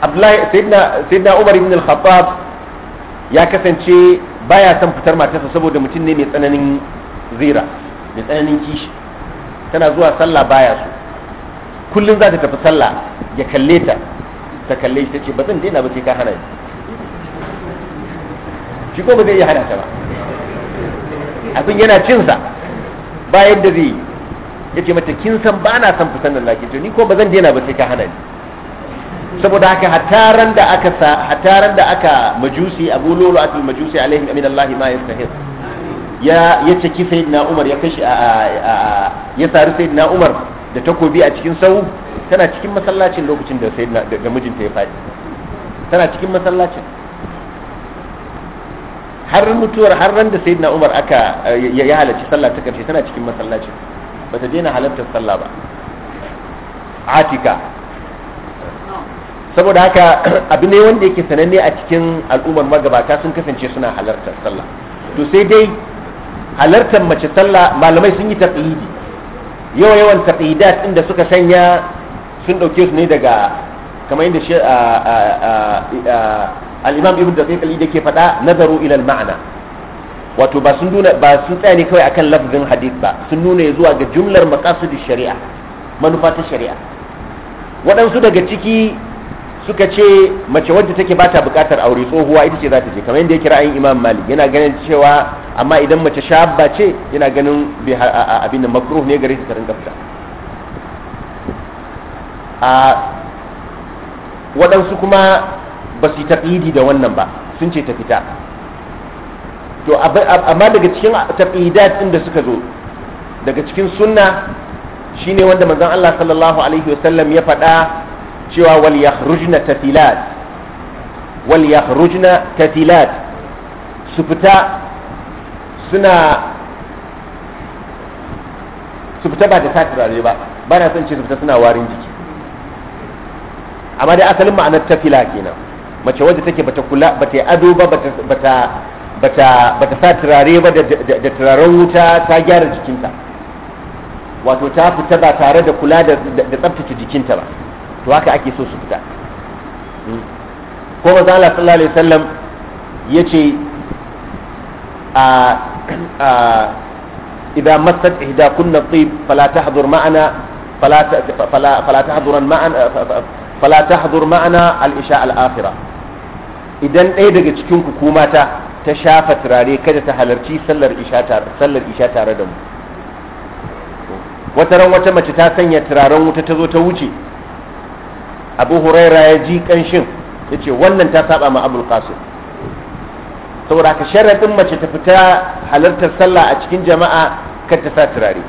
A: Abdullahi sayyidina sayyidina Umar ibn al-Khattab ya kasance baya son fitar matarsa saboda mutum ne mai tsananin zira mai tsananin kishi tana zuwa sallah baya so kullum za ta tafi sallah ya kalle ta ta kalle shi tace ba zan daina ba sai ka hana ni
C: shi ko ba zai iya hana ta ba abin yana sa
A: ba yadda zai yi ya ce mata kin san ba na san fitan nan nake to ni ko ba zan daina ba sai ka hana ni saboda haka hataran da aka sa hataran da aka majusi abu lulu atul majusi alaihim amin allah ma yastahil ya ya ki sayyidina umar ya kashi ya sari sayyidina umar da takobi a cikin sau tana cikin masallacin lokacin da sayyidina da mijinta ya faɗi tana cikin masallacin har mutuwar har ran da sayyidina umar aka ya halarci sallah ta karshe tana cikin masallacin ba ta daina halartar sallah ba atika saboda haka <clears throat> abu ne wanda yake sananne a cikin al'ummar magabata sun kasance suna halartar sallah to sai dai halartar mace sallah malamai sun yi taqlidi yawa yawan taqidat inda suka sanya sun dauke su ne daga kamar yadda shi al-imam da daqiq al-idi ke faɗa nazaru ila ma'ana. wato ba sun nuna ba sun tsaya ne kawai akan lafzin hadith ba sun nuna zuwa ga jumlar maqasidi shari'a manufa ta shari'a waɗansu daga ciki suka ce mace wadda take bata bukatar aure tsohuwa ita ce za ta je kamar yadda ya kira ayin imam malik yana ganin cewa amma idan mace shabba ce yana ganin abin da makruh ne gare ta rinka fita a waɗansu kuma ba su yi taƙidi da wannan ba sun ce ta fita to amma daga cikin taqidat din da suka zo daga cikin sunna shine wanda manzon Allah sallallahu alaihi wasallam ya faɗa cewa wal yakhrujna tafilat wal yakhrujna tafilat su fita suna su fita ba da sa ba ba na son ce su fita suna warin jiki amma dai asalin ma'anar tafila kenan mace wadda take bata kula bata ado ba bata bata sa turare ba da turaren wuta ta gyara jikinta wato ta fita ba tare da kula da tsabtace jikinta ba to haka ake so su fita hmm. ko maza Allah sallallahu alaihi wasallam ya ce a idan massat ihdakunna tib falata tahdur ma'ana falata fala ma'ana falata tahdur ma'ana al'isha al'afira idan ɗaya daga cikin ku mata ta shafa turare kada ta halarci sallar isha tare sallar da mu wata ran wata mace ta sanya turaren wuta ta zo ta wuce abu huraira ya ji kanshin ya wannan ta saba ma abul qasim saboda ka sharaɗin mace ta fita halartar sallah a cikin jama'a kar ta sa turare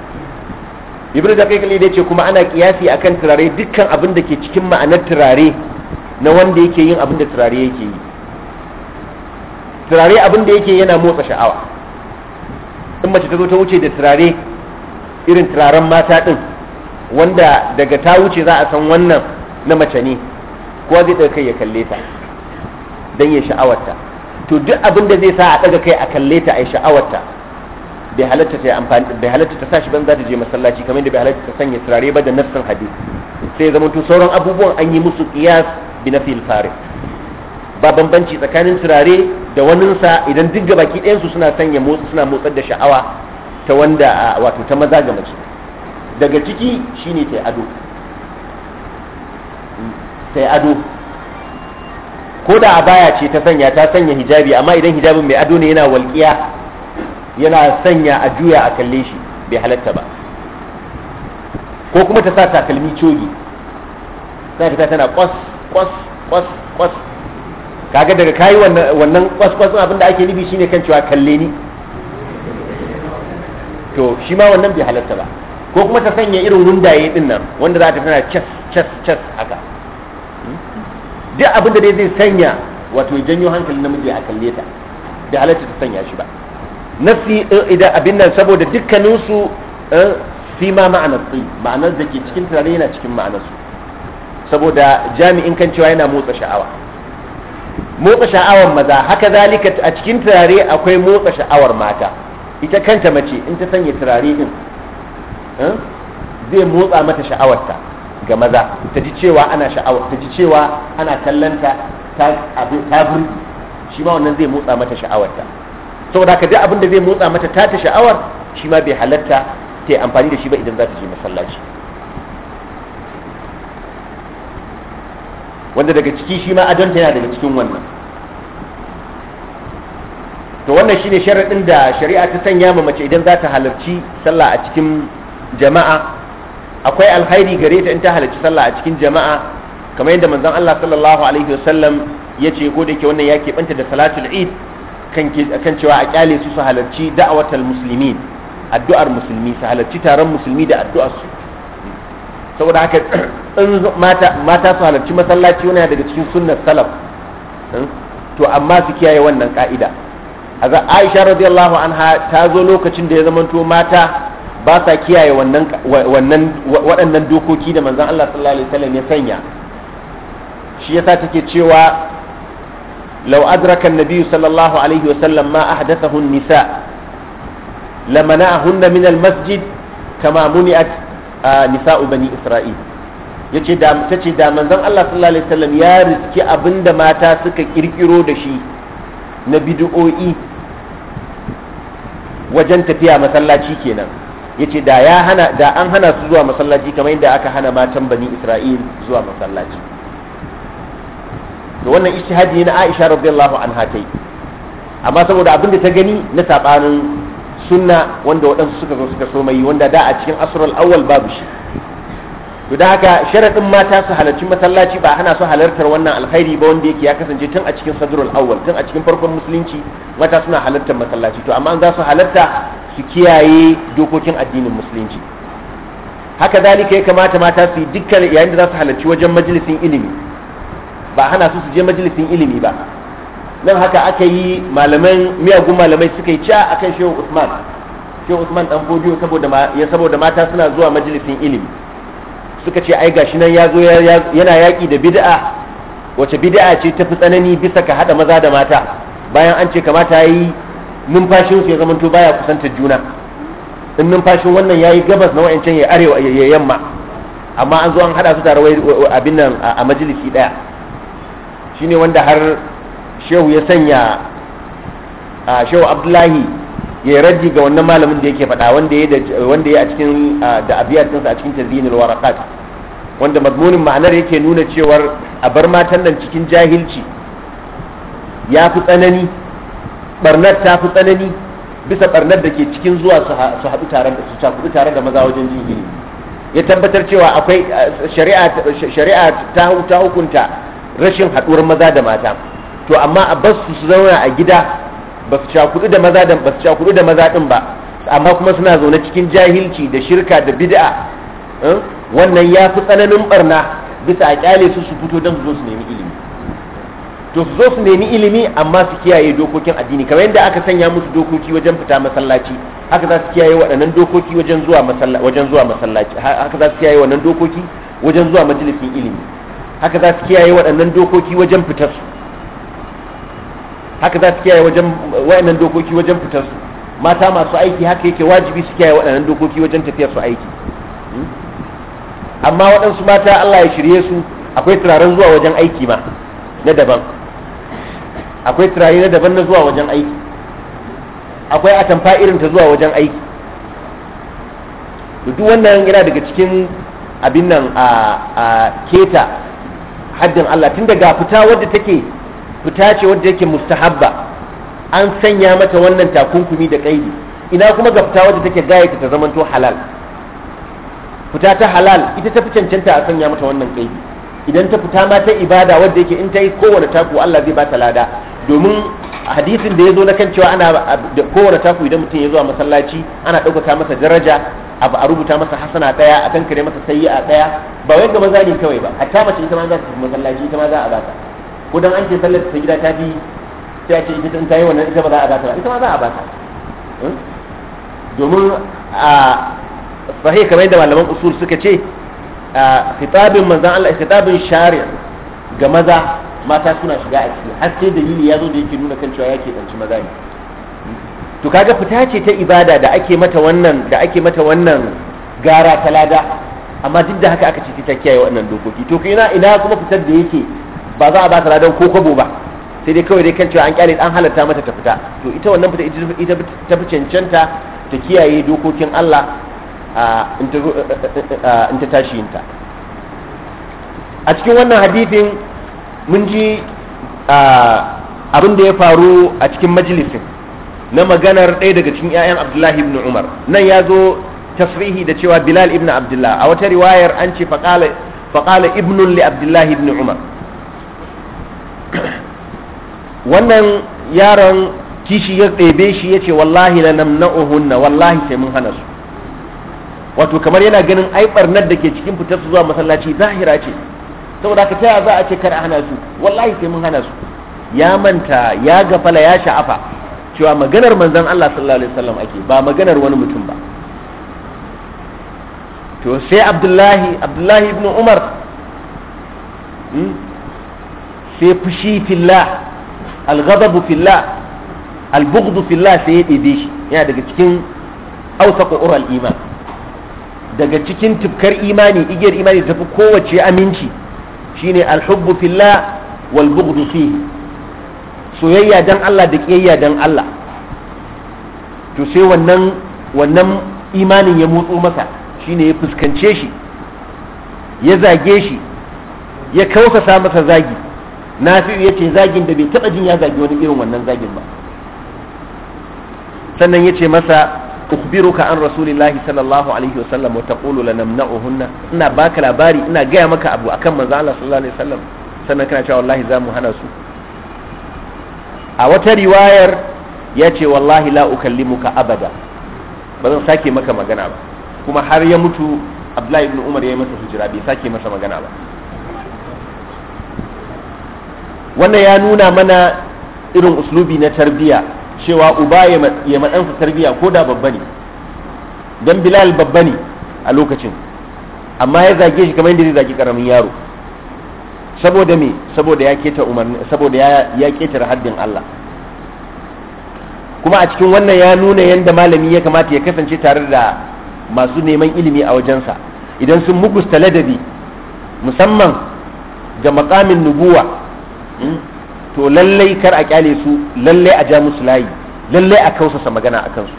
A: ibnu da kaikali da ce kuma ana kiyasi akan turare dukkan abin da ke cikin ma'anar turare na wanda yake yin abin da turare yake yi turare abin da yake yana motsa sha'awa in mace ta zo ta wuce da turare irin turaren mata din wanda daga ta wuce za a san wannan na mace ne kowa zai ɗaga kai ya kalle ta don ya sha'awarta to duk abin da zai sa a ɗaga kai a kalle ta a yi sha'awarta bai halatta ta amfani bai halatta ta sashi banza ta je masallaci kamar yadda bai halatta ta sanya turare ba da nafsin hadisi sai zama to sauran abubuwan an yi musu kiyas bi nafil farid ba bambanci tsakanin turare da waninsa idan duk ga baki ɗayansu suna sanya motsi suna motsar da sha'awa ta wanda wato ta maza ga mace daga ciki shine ta ado ta ado ko da a baya ce ta sanya ta sanya hijabi amma idan hijabin mai ado ne yana walƙiya yana sanya a juya a kalle shi bai halatta ba ko kuma ta sa takalmi cogi za ta tana kwas kwas kwas kwas kaga daga kayi wannan kwaskwasin abin da ake nufi shine kan cewa kalle ni to shi ma wannan bai halatta ba ko kuma ta sanya irin rundaye din nan wanda za ta tana cas cas cas haka hmm? duk abin da dai zai sanya wato janyo hankalin namiji a kalle ta bai halatta ta sanya shi ba nafsi eh, idan abin nan saboda dukkanin su eh, fi ma ma'anar tsi ma'anar da ke cikin tunani yana cikin ma'anar su saboda jami'in kan cewa yana motsa sha'awa motsa sha'awar maza haka zalika a cikin turare akwai motsa sha'awar mata ita kanta mace in ta sanya turare din eh, zai motsa mata sha'awarta ga maza ta ji cewa ana sha'awa ta ji cewa ana kallanta ta burki shi ma wannan zai motsa mata sha'awarta saboda haka duk abin da zai motsa mata ta ta sha'awar shi ma bai halatta ta yi amfani da shi ba idan za ta je masallaci wanda daga ciki shi ma adonta yana daga cikin wannan to wannan shine sharaɗin da shari'a ta sanya ma mace idan za ta halarci sallah a cikin jama'a akwai alkhairi gare ta in ta halarci sallah a cikin jama'a kamar yadda manzon Allah sallallahu alaihi wasallam ya ce ko da ke wannan ya keɓanta da salatul eid kan cewa a kyale su su halarci da'awatal muslimin addu'ar musulmi su halarci taron musulmi da addu'ar su saboda haka in mata mata su halarci masallaci yana daga cikin sunnar salaf hmm? to amma su kiyaye wannan ka'ida a za Aisha radiyallahu anha ta zo lokacin da ya zamanto mata ba sa kiyaye wannan waɗannan dokoki da manzon Allah sallallahu alaihi wasallam ya sanya shi yasa take cewa law adraka an-nabi sallallahu alaihi wasallam ma ahdathahu an-nisa lamana'ahunna min al-masjid kama muni'at nisa'u bani isra'il yace da tace da manzon Allah sallallahu alaihi wasallam ya riski abinda mata suka kirkiro da shi na bid'o'i wajen tafiya masallaci kenan yace da ya hana da an hana su zuwa masallaci kamar yadda aka hana matan bani Isra'il zuwa masallaci to wannan ijtihadi ne na Aisha radiyallahu anha tai amma saboda abinda ta gani na sabanin sunna wanda waɗansu suka zo suka so mai wanda da a cikin asrul awwal babu shi to da haka sharaɗin mata su halarci masallaci ba hana su halartar wannan alkhairi ba wanda yake ya kasance tun a cikin sadrul awwal tun a cikin farkon musulunci mata suna halartar masallaci to amma za su halarta su kiyaye dokokin addinin musulunci haka zalika ya kamata mata su yi dukkan yayin da za su halarci wajen majalisin ilimi ba hana su su je majalisin ilimi ba nan haka aka yi malaman miyagun malamai suka yi ca akan shehu usman shehu usman dan bodiyo saboda mata suna zuwa majalisin ilimi suka ce ai gashi nan yazo yana yaki da bid'a wace bid'a ce ta fi tsanani bisa ka hada maza da mata bayan an ce kamata yayi numfashin su ya zamanto baya kusantar juna in numfashin wannan yayi gabas na wayancan ya arewa ya yamma amma an zo an hada su tare abin nan a majalisi daya shine wanda har shehu ya sanya a shehu abdullahi ya yi raddi ga wannan malamin da yake faɗa wanda ya wanda ya a cikin da abiyatinsa a cikin tazinul waraqat wanda mazmunin ma'anar yake nuna cewar a bar matan nan cikin jahilci ya fi tsanani barnar ta fi tsanani bisa barnar da ke cikin zuwa su haɗu tare da su cakuɗu tare da maza wajen jin ya tabbatar cewa akwai shari'a ta hukunta rashin haɗuwar maza da mata to amma a bas su su zauna a gida ba su cakudu da maza ba su cakudu da maza din ba amma kuma suna zaune cikin jahilci da shirka da bid'a eh? wannan ya fi tsananin barna bisa a kyale su su fito don su zo su nemi ilimi to su zo su nemi ilimi amma su kiyaye dokokin addini kamar yadda aka sanya musu dokoki wajen fita masallaci haka za su kiyaye waɗannan dokoki wajen zuwa masallaci wajen zuwa masallaci haka za su kiyaye waɗannan dokoki wajen zuwa majalisin ilimi haka za su kiyaye waɗannan dokoki wajen fitar su haka za su kiyaye wajen wayannan dokoki wajen fitar su mata masu aiki haka yake wajibi su kiyaye waɗannan dokoki wajen tafiyar su aiki amma waɗansu mata Allah ya shirye su akwai turaren zuwa wajen aiki ma na daban akwai turare na daban na zuwa wajen aiki akwai atamfa irin ta zuwa wajen aiki duk wannan yana daga cikin abin nan a keta haddin Allah tun daga fita wadda take fita ce wadda yake mustahabba an sanya mata wannan takunkumi da kaidi ina kuma ga fita wadda take gayata ta zamanto halal fita ta halal ita ta fi cancanta a sanya mata wannan kaidi idan ta fita ma ta ibada wadda yake in ta yi kowane taku Allah zai ba ta lada domin hadisin da ya zo na kan cewa ana da kowane taku idan mutum ya zo a masallaci ana ɗaukaka masa daraja abu a rubuta masa hasana ɗaya a kankare masa sayi a ɗaya ba wai ga maza ne kawai ba hatta mace ita ma za ta masallaci ita ma za a ba ta ko dan an ce sallar ta gida ta fi sai a ce ita ta yi wannan ita ba za a bata ba ita ma za a bata hmm? domin a sahih kamar yadda malaman usul suka ce khitabin manzan Allah khitabin shari'a ga maza mata suna shiga a ciki har sai dalili ya zo da yake nuna kan cewa yake danci maza ne to kaga fita ce ta ibada da ake mata wannan da ake mata wannan gara ta lada amma duk da haka aka ce ta kiyaye wannan dokoki to ina ina kuma fitar da yake ba za a ba ta ladan ko kwabo ba sai dai kawai dai kan cewa an kyale an halatta mata ta fita to ita wannan fita ita ta fi cancanta ta kiyaye dokokin Allah in ta tashi yinta a cikin wannan hadithin mun ji abin da ya faru a cikin majalisin na maganar ɗaya daga cikin 'ya'yan abdullahi ibn umar nan ya zo tasrihi da cewa bilal ibn abdullah a wata riwayar an ce faƙala ibnun li abdullahi ibn umar wannan yaron kishi ya ɗebe shi ya ce wallahi na la namna'uhunna wallahi sai mun hana su wato kamar yana ganin ai barnar da ke cikin fitar su zuwa masallaci zahira ce saboda ka taya za a ce kar a hana su wallahi sai mun hana su ya manta ya gafala ya sha'afa cewa maganar manzon Allah sallallahu alaihi wasallam ake ba maganar wani mutum ba to sai Abdullahi Abdullahi ibn Umar hmm? sai fushi fillah alghadabu fillah albughdu fillah sai ya ɗebe shi yana daga cikin awsaqa ural iman daga cikin tufkar imani igiyar imani ta fi kowace aminci shine alhubbu fillah walbughdu fihi soyayya dan Allah da kiyayya dan Allah to sai wannan wannan imanin ya motso masa shine ya fuskance shi ya zage shi ya kausasa masa zagi nafi'u ya ce zagin da bai taɓa jin ya zagi wani irin wannan zagin ba sannan ya ce masa ukhbiruka an rasulillahi sallallahu alaihi wa wasallam wa taqulu lanamna'uhunna ina baka labari ina gaya maka abu akan manzo Allah sallallahu alaihi wasallam sannan kana cewa wallahi za mu hana su a wata riwayar ya ce wallahi la ukallimuka abada ba zan sake maka magana ba kuma har ya mutu Abdullahi ibn Umar ya yi masa hijira bai sake masa magana ba wannan ya nuna mana irin uslubi na tarbiya cewa uba ya matsansa tarbiya ko da babba ne don bilal babba ne a lokacin amma ya zage shi kamar yadda zai zage karamin yaro saboda me saboda ya keta umarni saboda ya keta haddin Allah kuma a cikin wannan ya nuna yadda malami ya kamata ya kasance tare da masu neman ilimi a wajensa idan sun mugusta ladabi musamman ga makamin nubuwa Hmm? to lallai kar a kyale su lallai a ja musu layi lallai a kausasa magana a kansu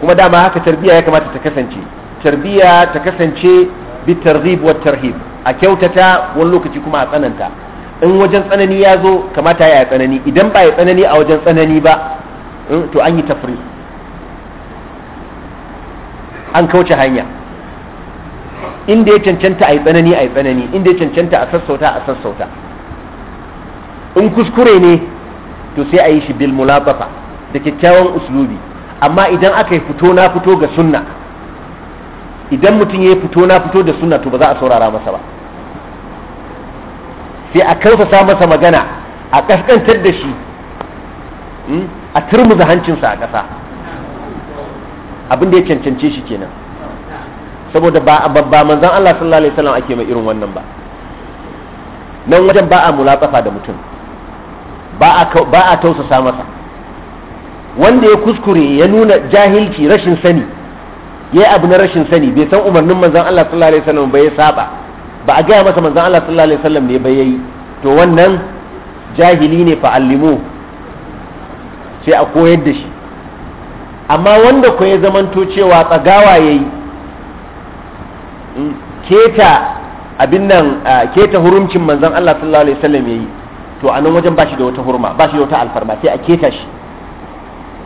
A: kuma dama haka tarbiya ya kamata ta kasance tarbiya ta kasance bi tarzib wa tarhib a kyautata wani lokaci kuma a tsananta in wajen tsanani ya zo kamata ya tsanani idan ba ya tsanani a wajen tsanani ba hmm, to an yi tafri an kauce hanya inda ya cancanta a yi tsanani a yi tsanani inda ya cancanta a sassauta a sassauta in kuskure ne to sai a yi shi bil mulabafa da kyakkyawan uslubi amma idan aka yi fito na fito ga sunna idan mutum ya yi fito na fito da sunna to ba za a saurara masa ba sai a karfasa masa magana a kaskantar da shi hmm, a turmuza hancinsa a ƙasa abin da ya cancance shi kenan saboda ba ba manzon Allah sallallahu alaihi wasallam ake mai irin wannan ba nan wajen ba a mulatsafa da mutum ba a ba a tausasa masa wanda ya kuskure ya nuna jahilci rashin sani ya yi abu na rashin sani bai san umarnin manzon Allah sallallahu alaihi wasallam ba ya saba ba a gaya masa manzon Allah sallallahu alaihi wasallam ne ba yayi to wannan jahili ne fa allimu sai a koyar da shi amma wanda ko ya zamanto cewa tsagawa yayi keta abin nan keta hurumcin manzon Allah sallallahu alaihi wasallam yayi to a nan wajen ba shi da wata hurma ba shi da wata alfarma sai a keta shi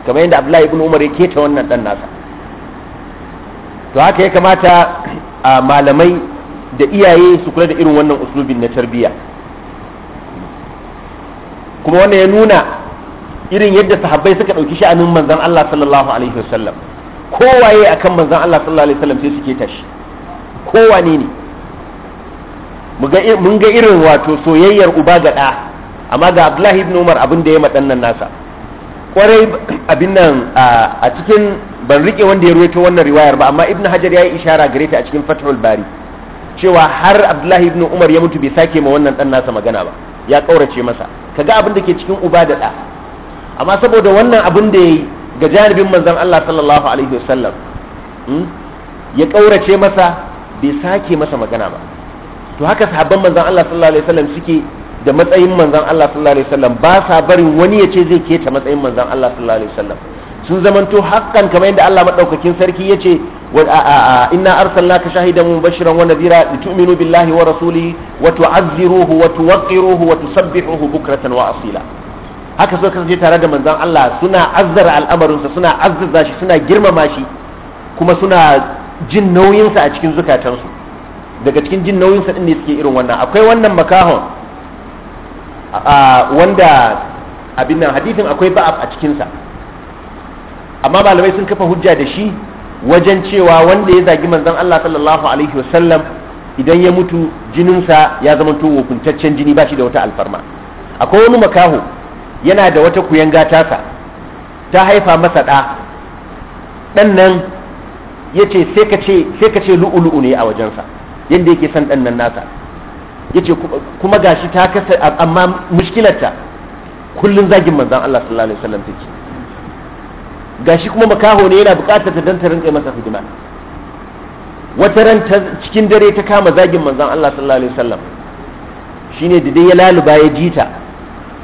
A: kamar yadda Abdullahi ibn Umar ya keta wannan dan nasa to haka ya kamata malamai da iyaye su kula da irin wannan uslubin na tarbiyya kuma wannan ya nuna irin yadda sahabbai suka ɗauki sha'anin manzon Allah sallallahu alaihi wasallam kowaye akan manzon Allah sallallahu alaihi wasallam sai suke tashi kowane ne mun ga irin wato soyayyar uba ga ɗa amma ga abdullahi ibn umar abin da ya nan nasa kwarai abin nan a cikin ban rike wanda ya ruwaito wannan riwayar ba amma ibn hajar ya yi ishara gare ta a cikin fathul bari cewa har abdullahi ibn umar ya mutu bai sake ma wannan ɗan nasa magana ba ya ƙaurace masa Ka ga abin da ke cikin uba da ɗa amma saboda wannan abin da ya yi ga janibin manzan allah sallallahu alaihi wasallam hmm, ya ƙaurace masa bai sake masa magana ba to haka sahabban manzon Allah sallallahu alaihi wasallam suke da matsayin manzan Allah sallallahu alaihi wasallam ba sa barin wani ya ce zai keta matsayin manzon Allah sallallahu alaihi wasallam sun zamanto hakan kamar yadda Allah madaukakin sarki ya ce inna arsalnaka shahidan mubashiran wa nadira litu'minu billahi wa rasulihi wa tu'azziruhu wa tuwaqqiruhu wa tusabbihuhu bukratan wa asila haka suka kasance tare da manzan Allah suna azzara al'amarinsa suna azzaza shi suna girmama shi kuma suna jin nauyinsa a cikin zukatansu daga cikin jin nauyinsa ɗin ne suke irin wannan akwai wannan makahon wanda abin nan hadithin akwai ba'ab a cikinsa amma malamai sun kafa hujja da shi wajen cewa wanda ya zagi manzon Allah sallallahu alaihi wasallam idan ya mutu jininsa ya zama to hukuntaccen jini ba shi da wata alfarma akwai wani makaho yana da wata kuyanga tasa ta haifa masa ɗa ɗan nan yace sai ka ce sai ka ce lu'ulu'u ne a wajensa yadda yake san ɗan nan nasa ce kuma gashi ta kasa amma mushkilarta kullum zagin manzan Allah sallallahu alaihi wasallam take gashi kuma makaho ne yana bukatar ta dan ta masa hidima wata ran cikin dare ta kama zagin manzan Allah sallallahu alaihi wasallam shine da dai ya laluba ya jita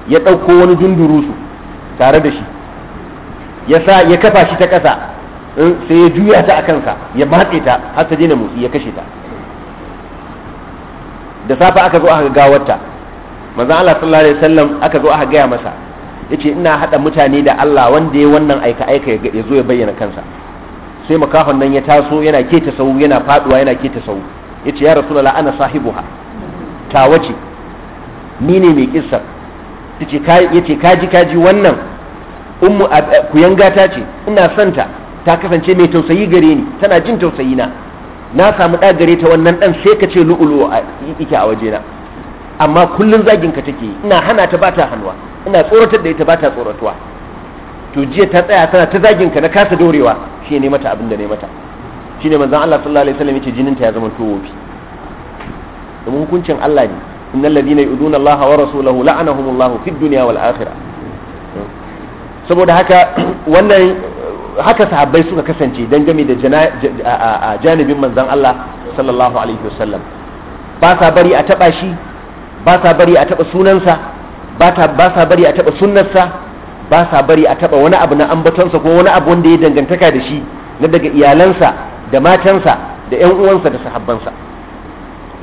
A: ya ɗauko wani dundurusu tare da shi ya sa ya kafa shi ta ƙasa sai ya juya ta a kansa ya matse ta har ta daina motsi ya kashe ta da safe aka zo aka gawarta manzo Allah sallallahu alaihi wasallam aka zo aka gaya masa yace ina hada mutane da Allah wanda ya wannan aika aika ya zo ya bayyana kansa sai makafan nan ya taso yana keta sau yana faduwa yana keta sau yace ya rasulullah ana sahibuha wace ni ne mai kissa yace kaji kaji wannan ummu ta ce ina santa ta kasance mai tausayi gare ni tana jin tausayi na na samu ɗa ta wannan dan sai ka ce lu'ulu yake a wajena amma kullun zagin ka take ina hana ta bata hannuwa ina tsoratar da ita bata tsoratuwa to jiya ta tsaya tana ta zagin ka na kasa dorewa shi ne mata abin da ne mata shi ne manzon Allah sallallahu alaihi wasallam yace jinin ta ya zama towofi domin hukuncin Allah ne innal ladina yu'duna Allah wa rasulahu la'anahumullahu fid dunya wal akhirah saboda haka wannan haka sahabbai suka kasance dangane da janibin manzon Allah sallallahu alaihi wasallam ba sa bari a taba shi ba sa bari a taba sunansa ba sa bari a taba sunnarsa ba sa bari a taba wani abu na ambatonsa ko wani abu wanda ya dangantaka da shi na daga iyalansa da matansa da yan uwansa da sahabbansa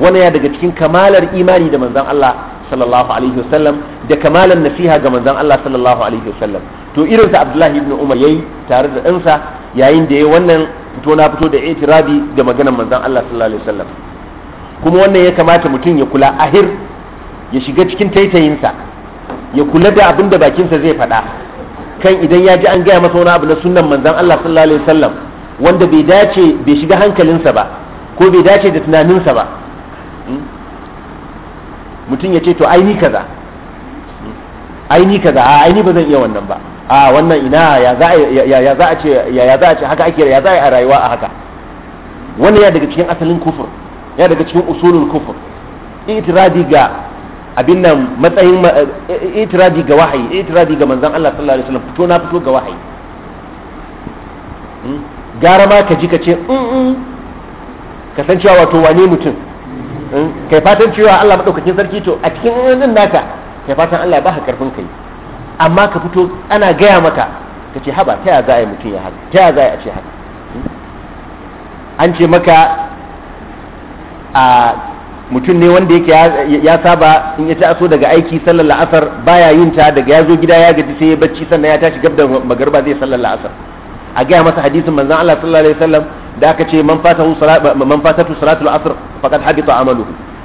A: wannan ya daga cikin kamalar imani da manzon Allah sallallahu alaihi wasallam da kamalar nasiha ga manzon Allah sallallahu alaihi wasallam to irinsa abdullahi ibn umar yayi tare da ɗansa yayin da ya wannan fito na fito da itirabi da maganar manzon Allah sallallahu alaihi wasallam kuma wannan ya kamata mutum ya kula ahir ya shiga cikin taitayinsa ya kula da abin da bakinsa zai faɗa kan idan ya ji an gaya masa wani abu na sunnan manzon Allah sallallahu alaihi wasallam wanda bai dace bai shiga hankalinsa ba ko bai dace da tunaninsa ba hmm? mutum ya ce to ai ni kaza hmm? ai ni kaza a ai ni ba zan iya wannan ba a wannan ina ya za a ce ya za a ce haka ake ya za a yi a rayuwa a haka wannan ya daga cikin asalin kufur ya daga cikin usulun kufur itiradi ga abin nan matsayin eh, itiradi ga wahayi itiradi ga manzon Allah sallallahu alaihi wasallam fito na fito ga wahayi hmm? gara ma ka ji ka ce ka san cewa wato wane mutum hmm? kai fatan cewa Allah madaukakin sarki to a cikin nan naka kai fatan Allah ya baka karfin kai amma ka fito ana gaya maka ka ce haba ta ya za a yi mutum ya haka ta ya za a ce haka an ce maka a mutum ne wanda yake ya saba in ya taso daga aiki sallar la'asar baya yin ta daga ya zo gida ya gaji sai ya bacci sannan ya tashi gab da magarba zai sallar la'asar a gaya masa hadisin manzan Allah sallallahu alaihi wasallam da aka ce man man fatatu salatul asr faqad habita amalu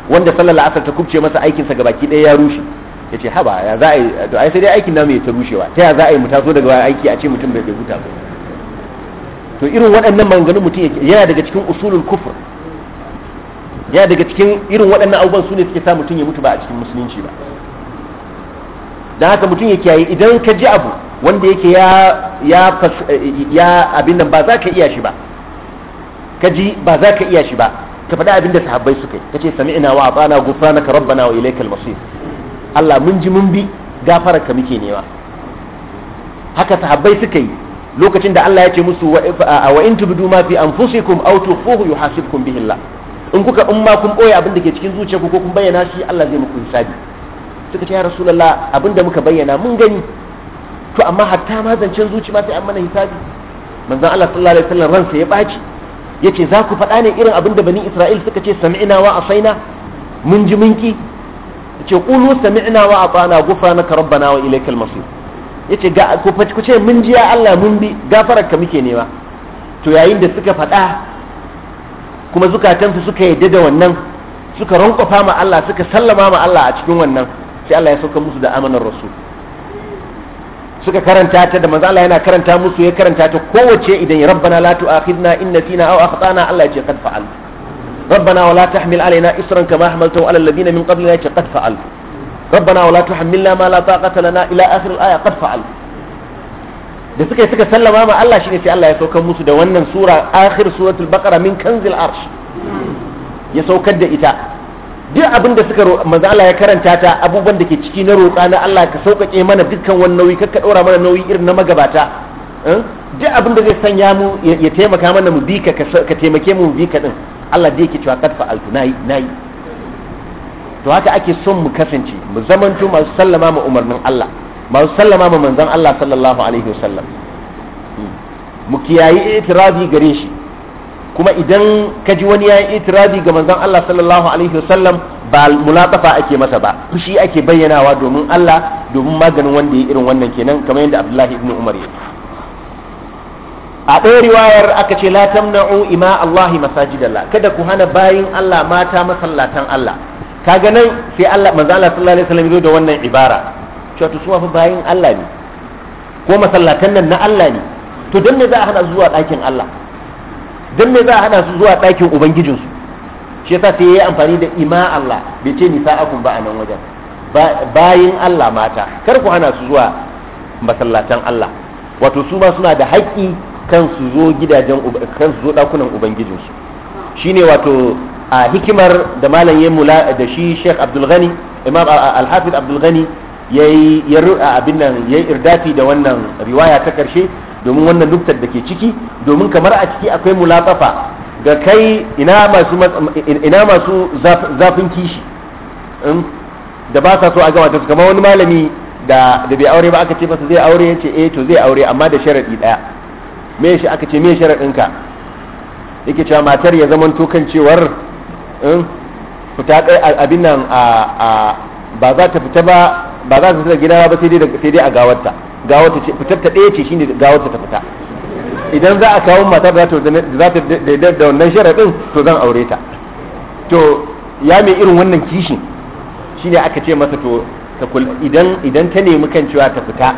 A: wanda sallar la'asar ta kubce masa aikin sa gabaki ɗaya ya rushe ya ce haba ya za a yi to ai sai dai aikin namu ya ta rushewa ta ya za a yi mu daga wani aiki a ce mutum bai huta ba to irin waɗannan maganganun mutum yana daga cikin usulul kufur yana daga cikin irin waɗannan abubuwan su ne suke sa mutum ya mutu ba a cikin musulunci ba don haka mutum ya kiyaye idan ka ji abu wanda yake ya ya ya abin nan ba za ka iya shi ba ka ji ba za ka iya shi ba ka faɗi abin da sahabbai suka yi ka ce sami'na wa atana ghufranaka rabbana wa ilaikal masir Allah mun ji mun bi gafarar ka muke nema haka sahabbai suka yi lokacin da Allah ya ce musu wa in tubdu ma fi anfusikum aw tukhfuhu yuhasibkum bihi Allah in kuka in ma kun boye abin da ke cikin zuciyarku ko kun bayyana shi Allah zai muku hisabi suka ce ya rasulullah abin da muka bayyana mun gani to amma hatta ma zancen zuci ma sai an mana hisabi manzon Allah sallallahu alaihi wasallam ransa ya baci yace za ku faɗa ne irin abin da bani Isra'il suka ce sami'na wa asaina mun ji mun ki yace qulu sami'na wa ata'na ghufranaka rabbana wa ilaykal masir yace ga ku ce mun ji ya Allah mun bi gafarar ka muke nema to yayin da suka faɗa kuma zukatansu suka yadda da wannan suka rankwafa ma Allah suka sallama ma Allah a cikin wannan sai Allah ya sauka musu da amanar rasul suka karanta ta da manzo Allah yana karanta musu ya karanta ta kowace idan ya rabbana la tu'akhidna in nasina aw akhtana Allah ya ce kad ربنا ولا تحمل علينا إسرا كما حملته على الذين من قبلنا قد فعل ربنا ولا تحملنا ما لا طاقة لنا إلى آخر الآية قد فعل da suka yi suka sallama ma Allah shine sai Allah ya saukar musu da wannan sura akhir suratul baqara min kanzil arsh ya saukar da ita duk abin da suka manzo Allah ya karanta ta abubuwan da ke ciki na roƙa na Allah ka sauƙaƙe mana dukkan wani nauyi ka ɗora mana nauyi irin na magabata Eh? duk abin da zai sanya mu ya taimaka mana mu bi ka ka taimake mu bi ka din Allah da yake cewa kad fa'altu nayi nayi to haka ake son mu kasance mu zamanto masu sallama ma umarnin Allah masu sallama ma manzon Allah sallallahu alaihi wasallam hmm. mu kiyayi itirazi gare shi kuma idan ka ji wani yayi itirazi ga manzon Allah sallallahu alaihi wasallam ba mulatafa ake masa ba fushi ake bayyanawa domin Allah domin maganin wanda ya irin wannan kenan kamar yadda Abdullahi ibn Umar ya a ɗaya riwayar aka ce la tamna'u ima Allahi masajidallah kada ku hana bayin Allah mata masallatan Allah kaga nan sai Allah manzo Allah sallallahu alaihi wasallam da wannan ibara cewa to su fa bayin Allah ne ko masallatan nan na Allah ne to dan me za a hana su zuwa ɗakin Allah dan me za a hana su zuwa ɗakin ubangijin su shi yasa sai yayi amfani da ima Allah bai ce nisa'akum ba a nan wajen bayin Allah mata kar ku hana su zuwa masallatan Allah wato su ma suna da haƙƙi kan su zo gidajen kan su zo dakunan ubangijinsu shine wato a hikimar da malam ya mula da shi Sheikh Abdul Ghani Imam Al-Hafiz Abdul Ghani yayi ya abin nan yayi irdafi da wannan riwaya ta karshe domin wannan nuktar da ke ciki domin kamar a ciki akwai mulafafa ga kai ina masu ina masu zafin kishi da ba sa so a gama ta kamar wani malami da da bai aure ba aka ce masa zai aure yace eh to zai aure amma da sharadi daya me shi aka ce me sharaɗinka yake cewa matar ya zama tukan cewar eh, fita kai abin nan a ba za ta fita ba ba za ta fita gida ba sai dai a gawarta gawarta ce fitar ta ɗaya ce shine gawarta ta fita idan za a kawo matar za ta daidai da wannan sharaɗin to zan aure ta to ya mai irin wannan kishin shine aka ce masa to idan ta nemi kan cewa ta fita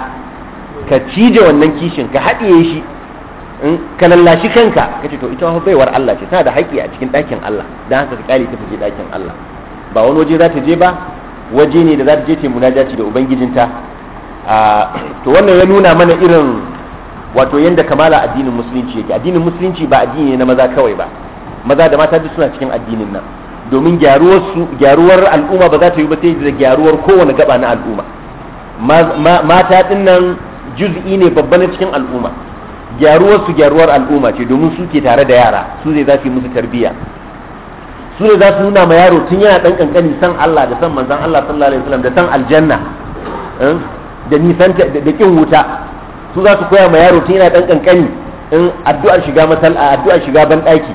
A: ka cije wannan kishin ka haɗiye shi ka lallashi kanka ce to ita baiwar Allah ce tana da haƙƙi a cikin ɗakin Allah dan haka ka kare ta je ɗakin Allah ba wani waje za ta je ba waje ne da za ta je ta munajaci da ubangijinta ah, to wannan ya nuna mana irin wato yanda kamala addinin musulunci yake addinin musulunci ba addini ne na maza kawai ba maza da mata duk suna cikin addinin nan domin gyaruwar al'umma ba za ta yi ba sai da gyaruwar kowane gaba na al'umma mata dinnan juz'i ne babba na cikin al'umma gyaruwar su gyaruwar al'umma ce domin su ke tare da yara su ne za su yi musu tarbiyya su ne za su nuna ma yaro tun yana dan kankani san Allah da san manzon Allah sallallahu alaihi wasallam da san aljanna eh, da nisan da kin wuta su za su koya ma yaro tun yana dan kankani in addu'ar shiga masal addu'ar shiga ban daki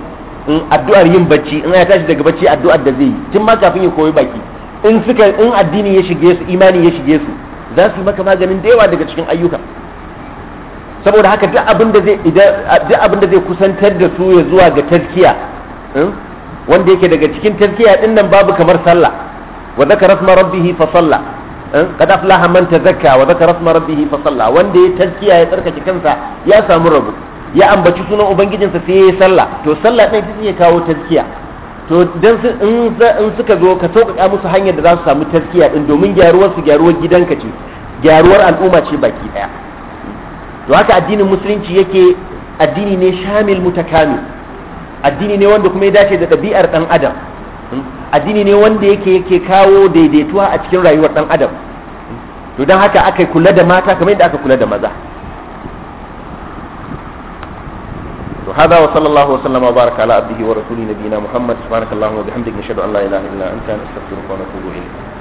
A: in addu'ar yin bacci in ya tashi daga bacci addu'ar da zai yi tun ma kafin ya koyi baki in suka in addini ya shige su imani ya shige su za su yi maka maganin da yawa daga cikin ayyuka saboda haka duk abin da zai duk abin da zai kusantar da su ya zuwa ga tazkiya eh, wanda yake daga cikin tazkiya din nan babu kamar sallah wa zakara asma rabbihi fa salla eh, qad aflaha man tazakka wa zakara asma rabbihi fa salla wanda ya tazkiya ya tsarkake kansa ya samu rabu ya ambaci sunan ubangijinsa sai ya sallah to sallah din zai kawo tazkiya to dan in suka zo ka sauƙaƙa musu hanyar da za su samu tazkiya din domin gyaruwar su gyaruwar gidanka ce gyaruwar al'umma ce baki daya to haka addinin musulunci yake addini ne shamil mutakamil addini ne wanda kuma ya dace da ɗabi'ar ɗan adam addini ne wanda yake yake kawo daidaituwa a cikin rayuwar ɗan adam to don haka aka kula da mata kamar yadda aka kula da maza to hada wa sallallahu wa sallama baraka ala abdihi wa rasuli nabiyina muhammad subhanakallahumma wa bihamdika nashhadu an la ilaha illa anta nastaghfiruka wa natubu ilayk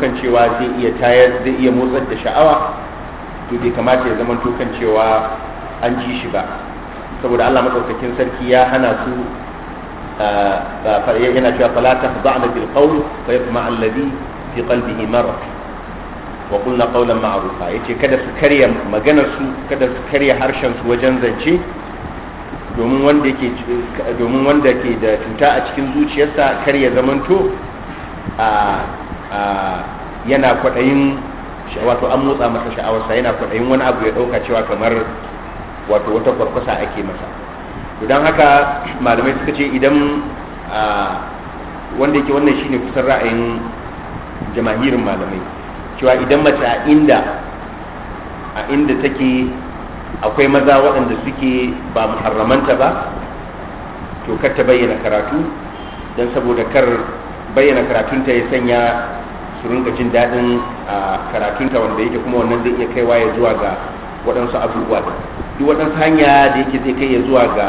A: kan cewa zai iya tayar zai iya motsar da sha'awa to bai kamata ya zama kan cewa an ji shi ba saboda Allah madaukakin sarki ya hana su yana cewa fala tahda'na bil qawl fa yatma alladhi fi qalbihi marad wa qulna qawlan ma'rufa yace kada su karya maganar su kada su karya harshen su wajen zance domin wanda ke domin wanda ke da cuta a cikin zuciyarsa kar ya zamanto a yana kwaɗayin wato an motsa masa sha'awarsa yana kwaɗayin wani abu ya ɗauka cewa kamar wato wata kwarkwasa ake masa don haka malamai suka ce idan wanda yake wannan shine kusan ra'ayin jama'irin malamai cewa idan mace a inda a inda take akwai maza waɗanda suke ba muharramanta ba to kar ta bayyana karatu don saboda kar bayyana karatunta ya sanya su rinka jin daɗin karatunka wanda yake kuma wannan zai iya kaiwa ya zuwa ga waɗansu abubuwa duk waɗansu hanya da yake zai kai ya zuwa ga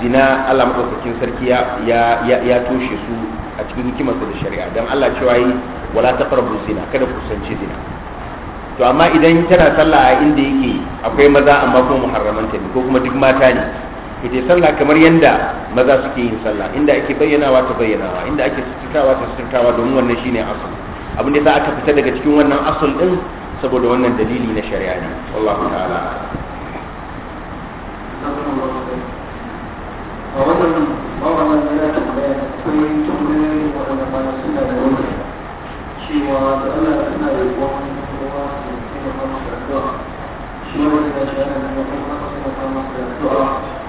A: zina Allah maɗaukakin sarki ya toshe su a cikin hikimarsa da shari'a don Allah cewa yi wala ta zina kada ku sanci zina to amma idan tana sallah a inda yake akwai maza amma kuma muharramanta ne ko kuma duk mata ne ita sallah kamar yanda maza suke yin sallah inda ake bayyanawa ta bayyanawa inda ake suturtawa ta suturtawa domin wannan shine asal abin da za aka fita daga cikin wannan asal din saboda wannan dalili na shari'a ne wallahu ta'ala
B: a wannan bawan nan yana tambaya akwai tambayoyi waɗanda ba suna da wani cewa da Allah suna da wani kuma su taimaka masa addu'a shi wanda ya shi yana da wani kuma su taimaka masa addu'a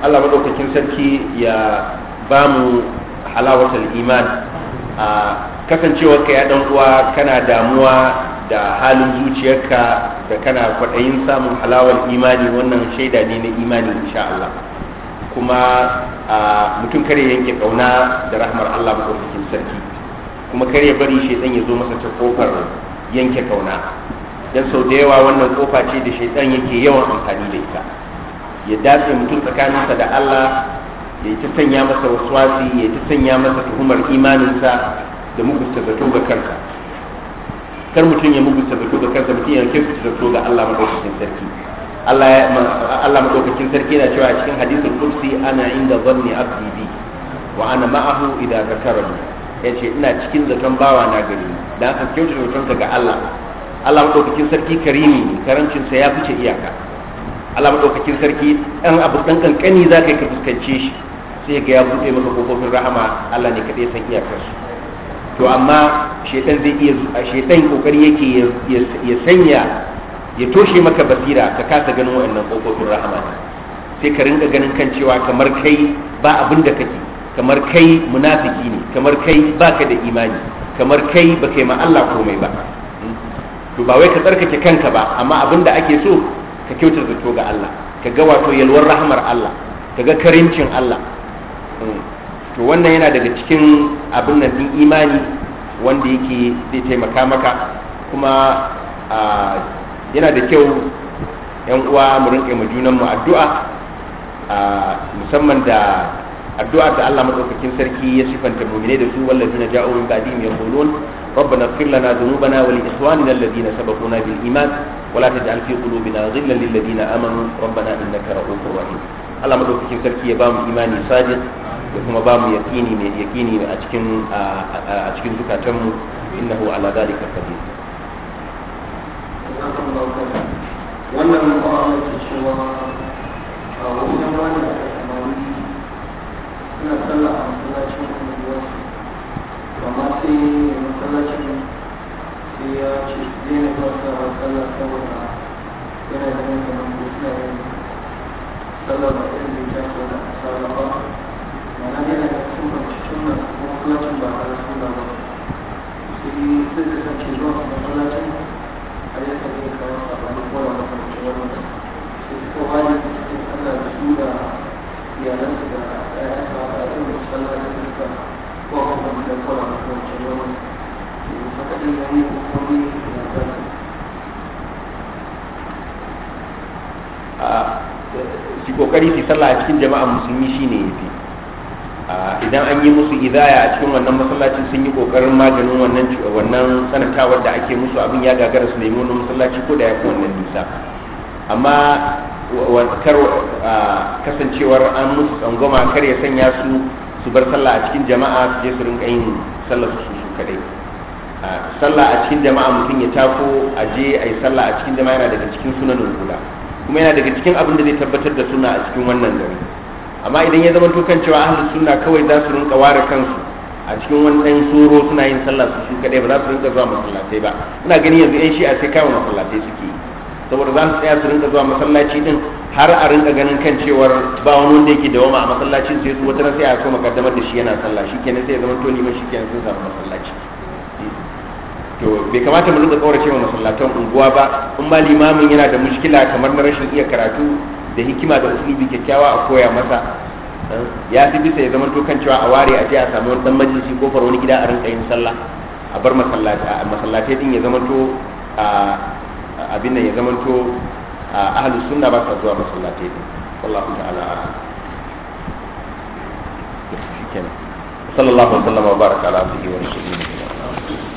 A: Allah maɗaukakin sarki ya ba mu halawatar iman a ka ya dan uwa kana damuwa da halin zuciyarka da kana kwaɗayin samun halawar imani wannan shaida ne na imani insha Allah kuma mutum kare yanke kauna da rahmar Allah maɗaukakin sarki kuma kare bari shaidan ya zo masa ta kofar yanke kauna dan sau da yawa wannan kofa ce da shaidan yake yawan amfani da ita ya dace mutum tsakaninsa da Allah ya ta sanya masa waswasi ya ta sanya masa tuhumar imaninsa da mugusta zato ga kanka kar mutum ya mugusta zato ga kanka mutum ya kai zato ga Allah madaukakin sarki Allah madaukakin sarki yana cewa cikin hadisul kursi ana inda zanni abdi bi wa ana ma'ahu idza zakarani yace ina cikin zaton bawa na gari da aka kyautata zaton ga Allah Allah madaukakin sarki karimi ne sa ya fice iyaka Allah madaukakin sarki dan abu dan kankani zakai ka fuskance shi sai ga ya bude maka kofofin rahama Allah ne kadai san iyakar su to amma shedan zai iya shedan kokari yake ya sanya ya toshe maka basira ka kasa ganin waɗannan kofofin rahama sai ka rinka ganin kan cewa kamar kai ba abin da kake kamar kai munafiki ne kamar kai baka da imani kamar kai ba kai ma Allah komai ba to ba wai ka tsarkake kanka ba amma abin da ake so ka kyautar zato ga Allah ka ga wato yalwar rahamar Allah ka ga karincin Allah hmm. to wannan yana daga cikin abin nan din imani wanda yake zai taimaka maka kuma yana da kyau yan uwa mu rinke mu junan mu addu'a musamman da addu'a da Allah madaukakin sarki ya sifanta muminai da su na ja'u min ba'dihim yaqulun ربنا اغفر لنا ذنوبنا ولإخواننا الذين سبقونا بالإيمان ولا تجعل في قلوبنا غلا للذين آمنوا ربنا إنك رؤوف رحيم Allah madaukakin sarki ya bamu imani sadiq da kuma bamu yaqini mai yaqini a cikin a cikin zukatanmu innahu ala zalika
C: qadir
B: wannan mu'amala ce cewa a wannan wani da samari suna sallah a masallacin unguwar amma sai masallacin sai ya ce zai ne ba sa sallah saboda yana ganin kamar suna yin sallah Thank you.
A: kokari su sallah a cikin jama'a musulmi shine yafi idan an yi musu idaya a cikin wannan masallacin sun yi kokarin maganin wannan wannan sanatawar da ake musu abin ya gagara su nemi wannan masallaci ko da ya fi wannan nisa amma kar kasancewar an musu tsangwama kar ya sanya su su bar sallah a cikin jama'a su je su rinka yin sallar su su kadai sallah a cikin jama'a mutum ya tafo a je a yi sallah a cikin jama'a yana daga cikin sunanin kula kuma yana daga cikin abin da zai tabbatar da suna a cikin wannan gari amma idan ya zama to kan cewa ahlus sunna kawai za su rinka ware kansu a cikin wani ɗan tsoro suna yin sallah su su kadai ba za su rinka zuwa masallatai ba ina gani yanzu yan a sai kawai masallatai suke saboda za su tsaya su rinka zuwa masallaci din har a rinka ganin kan cewar ba wani wanda yake dawoma a masallacin sai su wata sai a so makaddamar da shi yana sallah shi kenan sai ya zama to shi kenan sun samu masallaci to bai kamata mu rika kaurace wa masallatan unguwa ba in ba limamin yana da mushkila kamar na rashin iya karatu da hikima da usulubi kyakkyawa a koya masa eh, ya fi bisa ya zama to kan cewa a ware a je a samu wani dan majalisi ko wani gida a rinka yin sallah a bar a masallatai din ya zama to abin nan ya zama to ahli sunna ba sa zuwa masallatai din wallahu ta'ala
C: sallallahu alaihi wa sallam wa baraka ala alihi wa sahbihi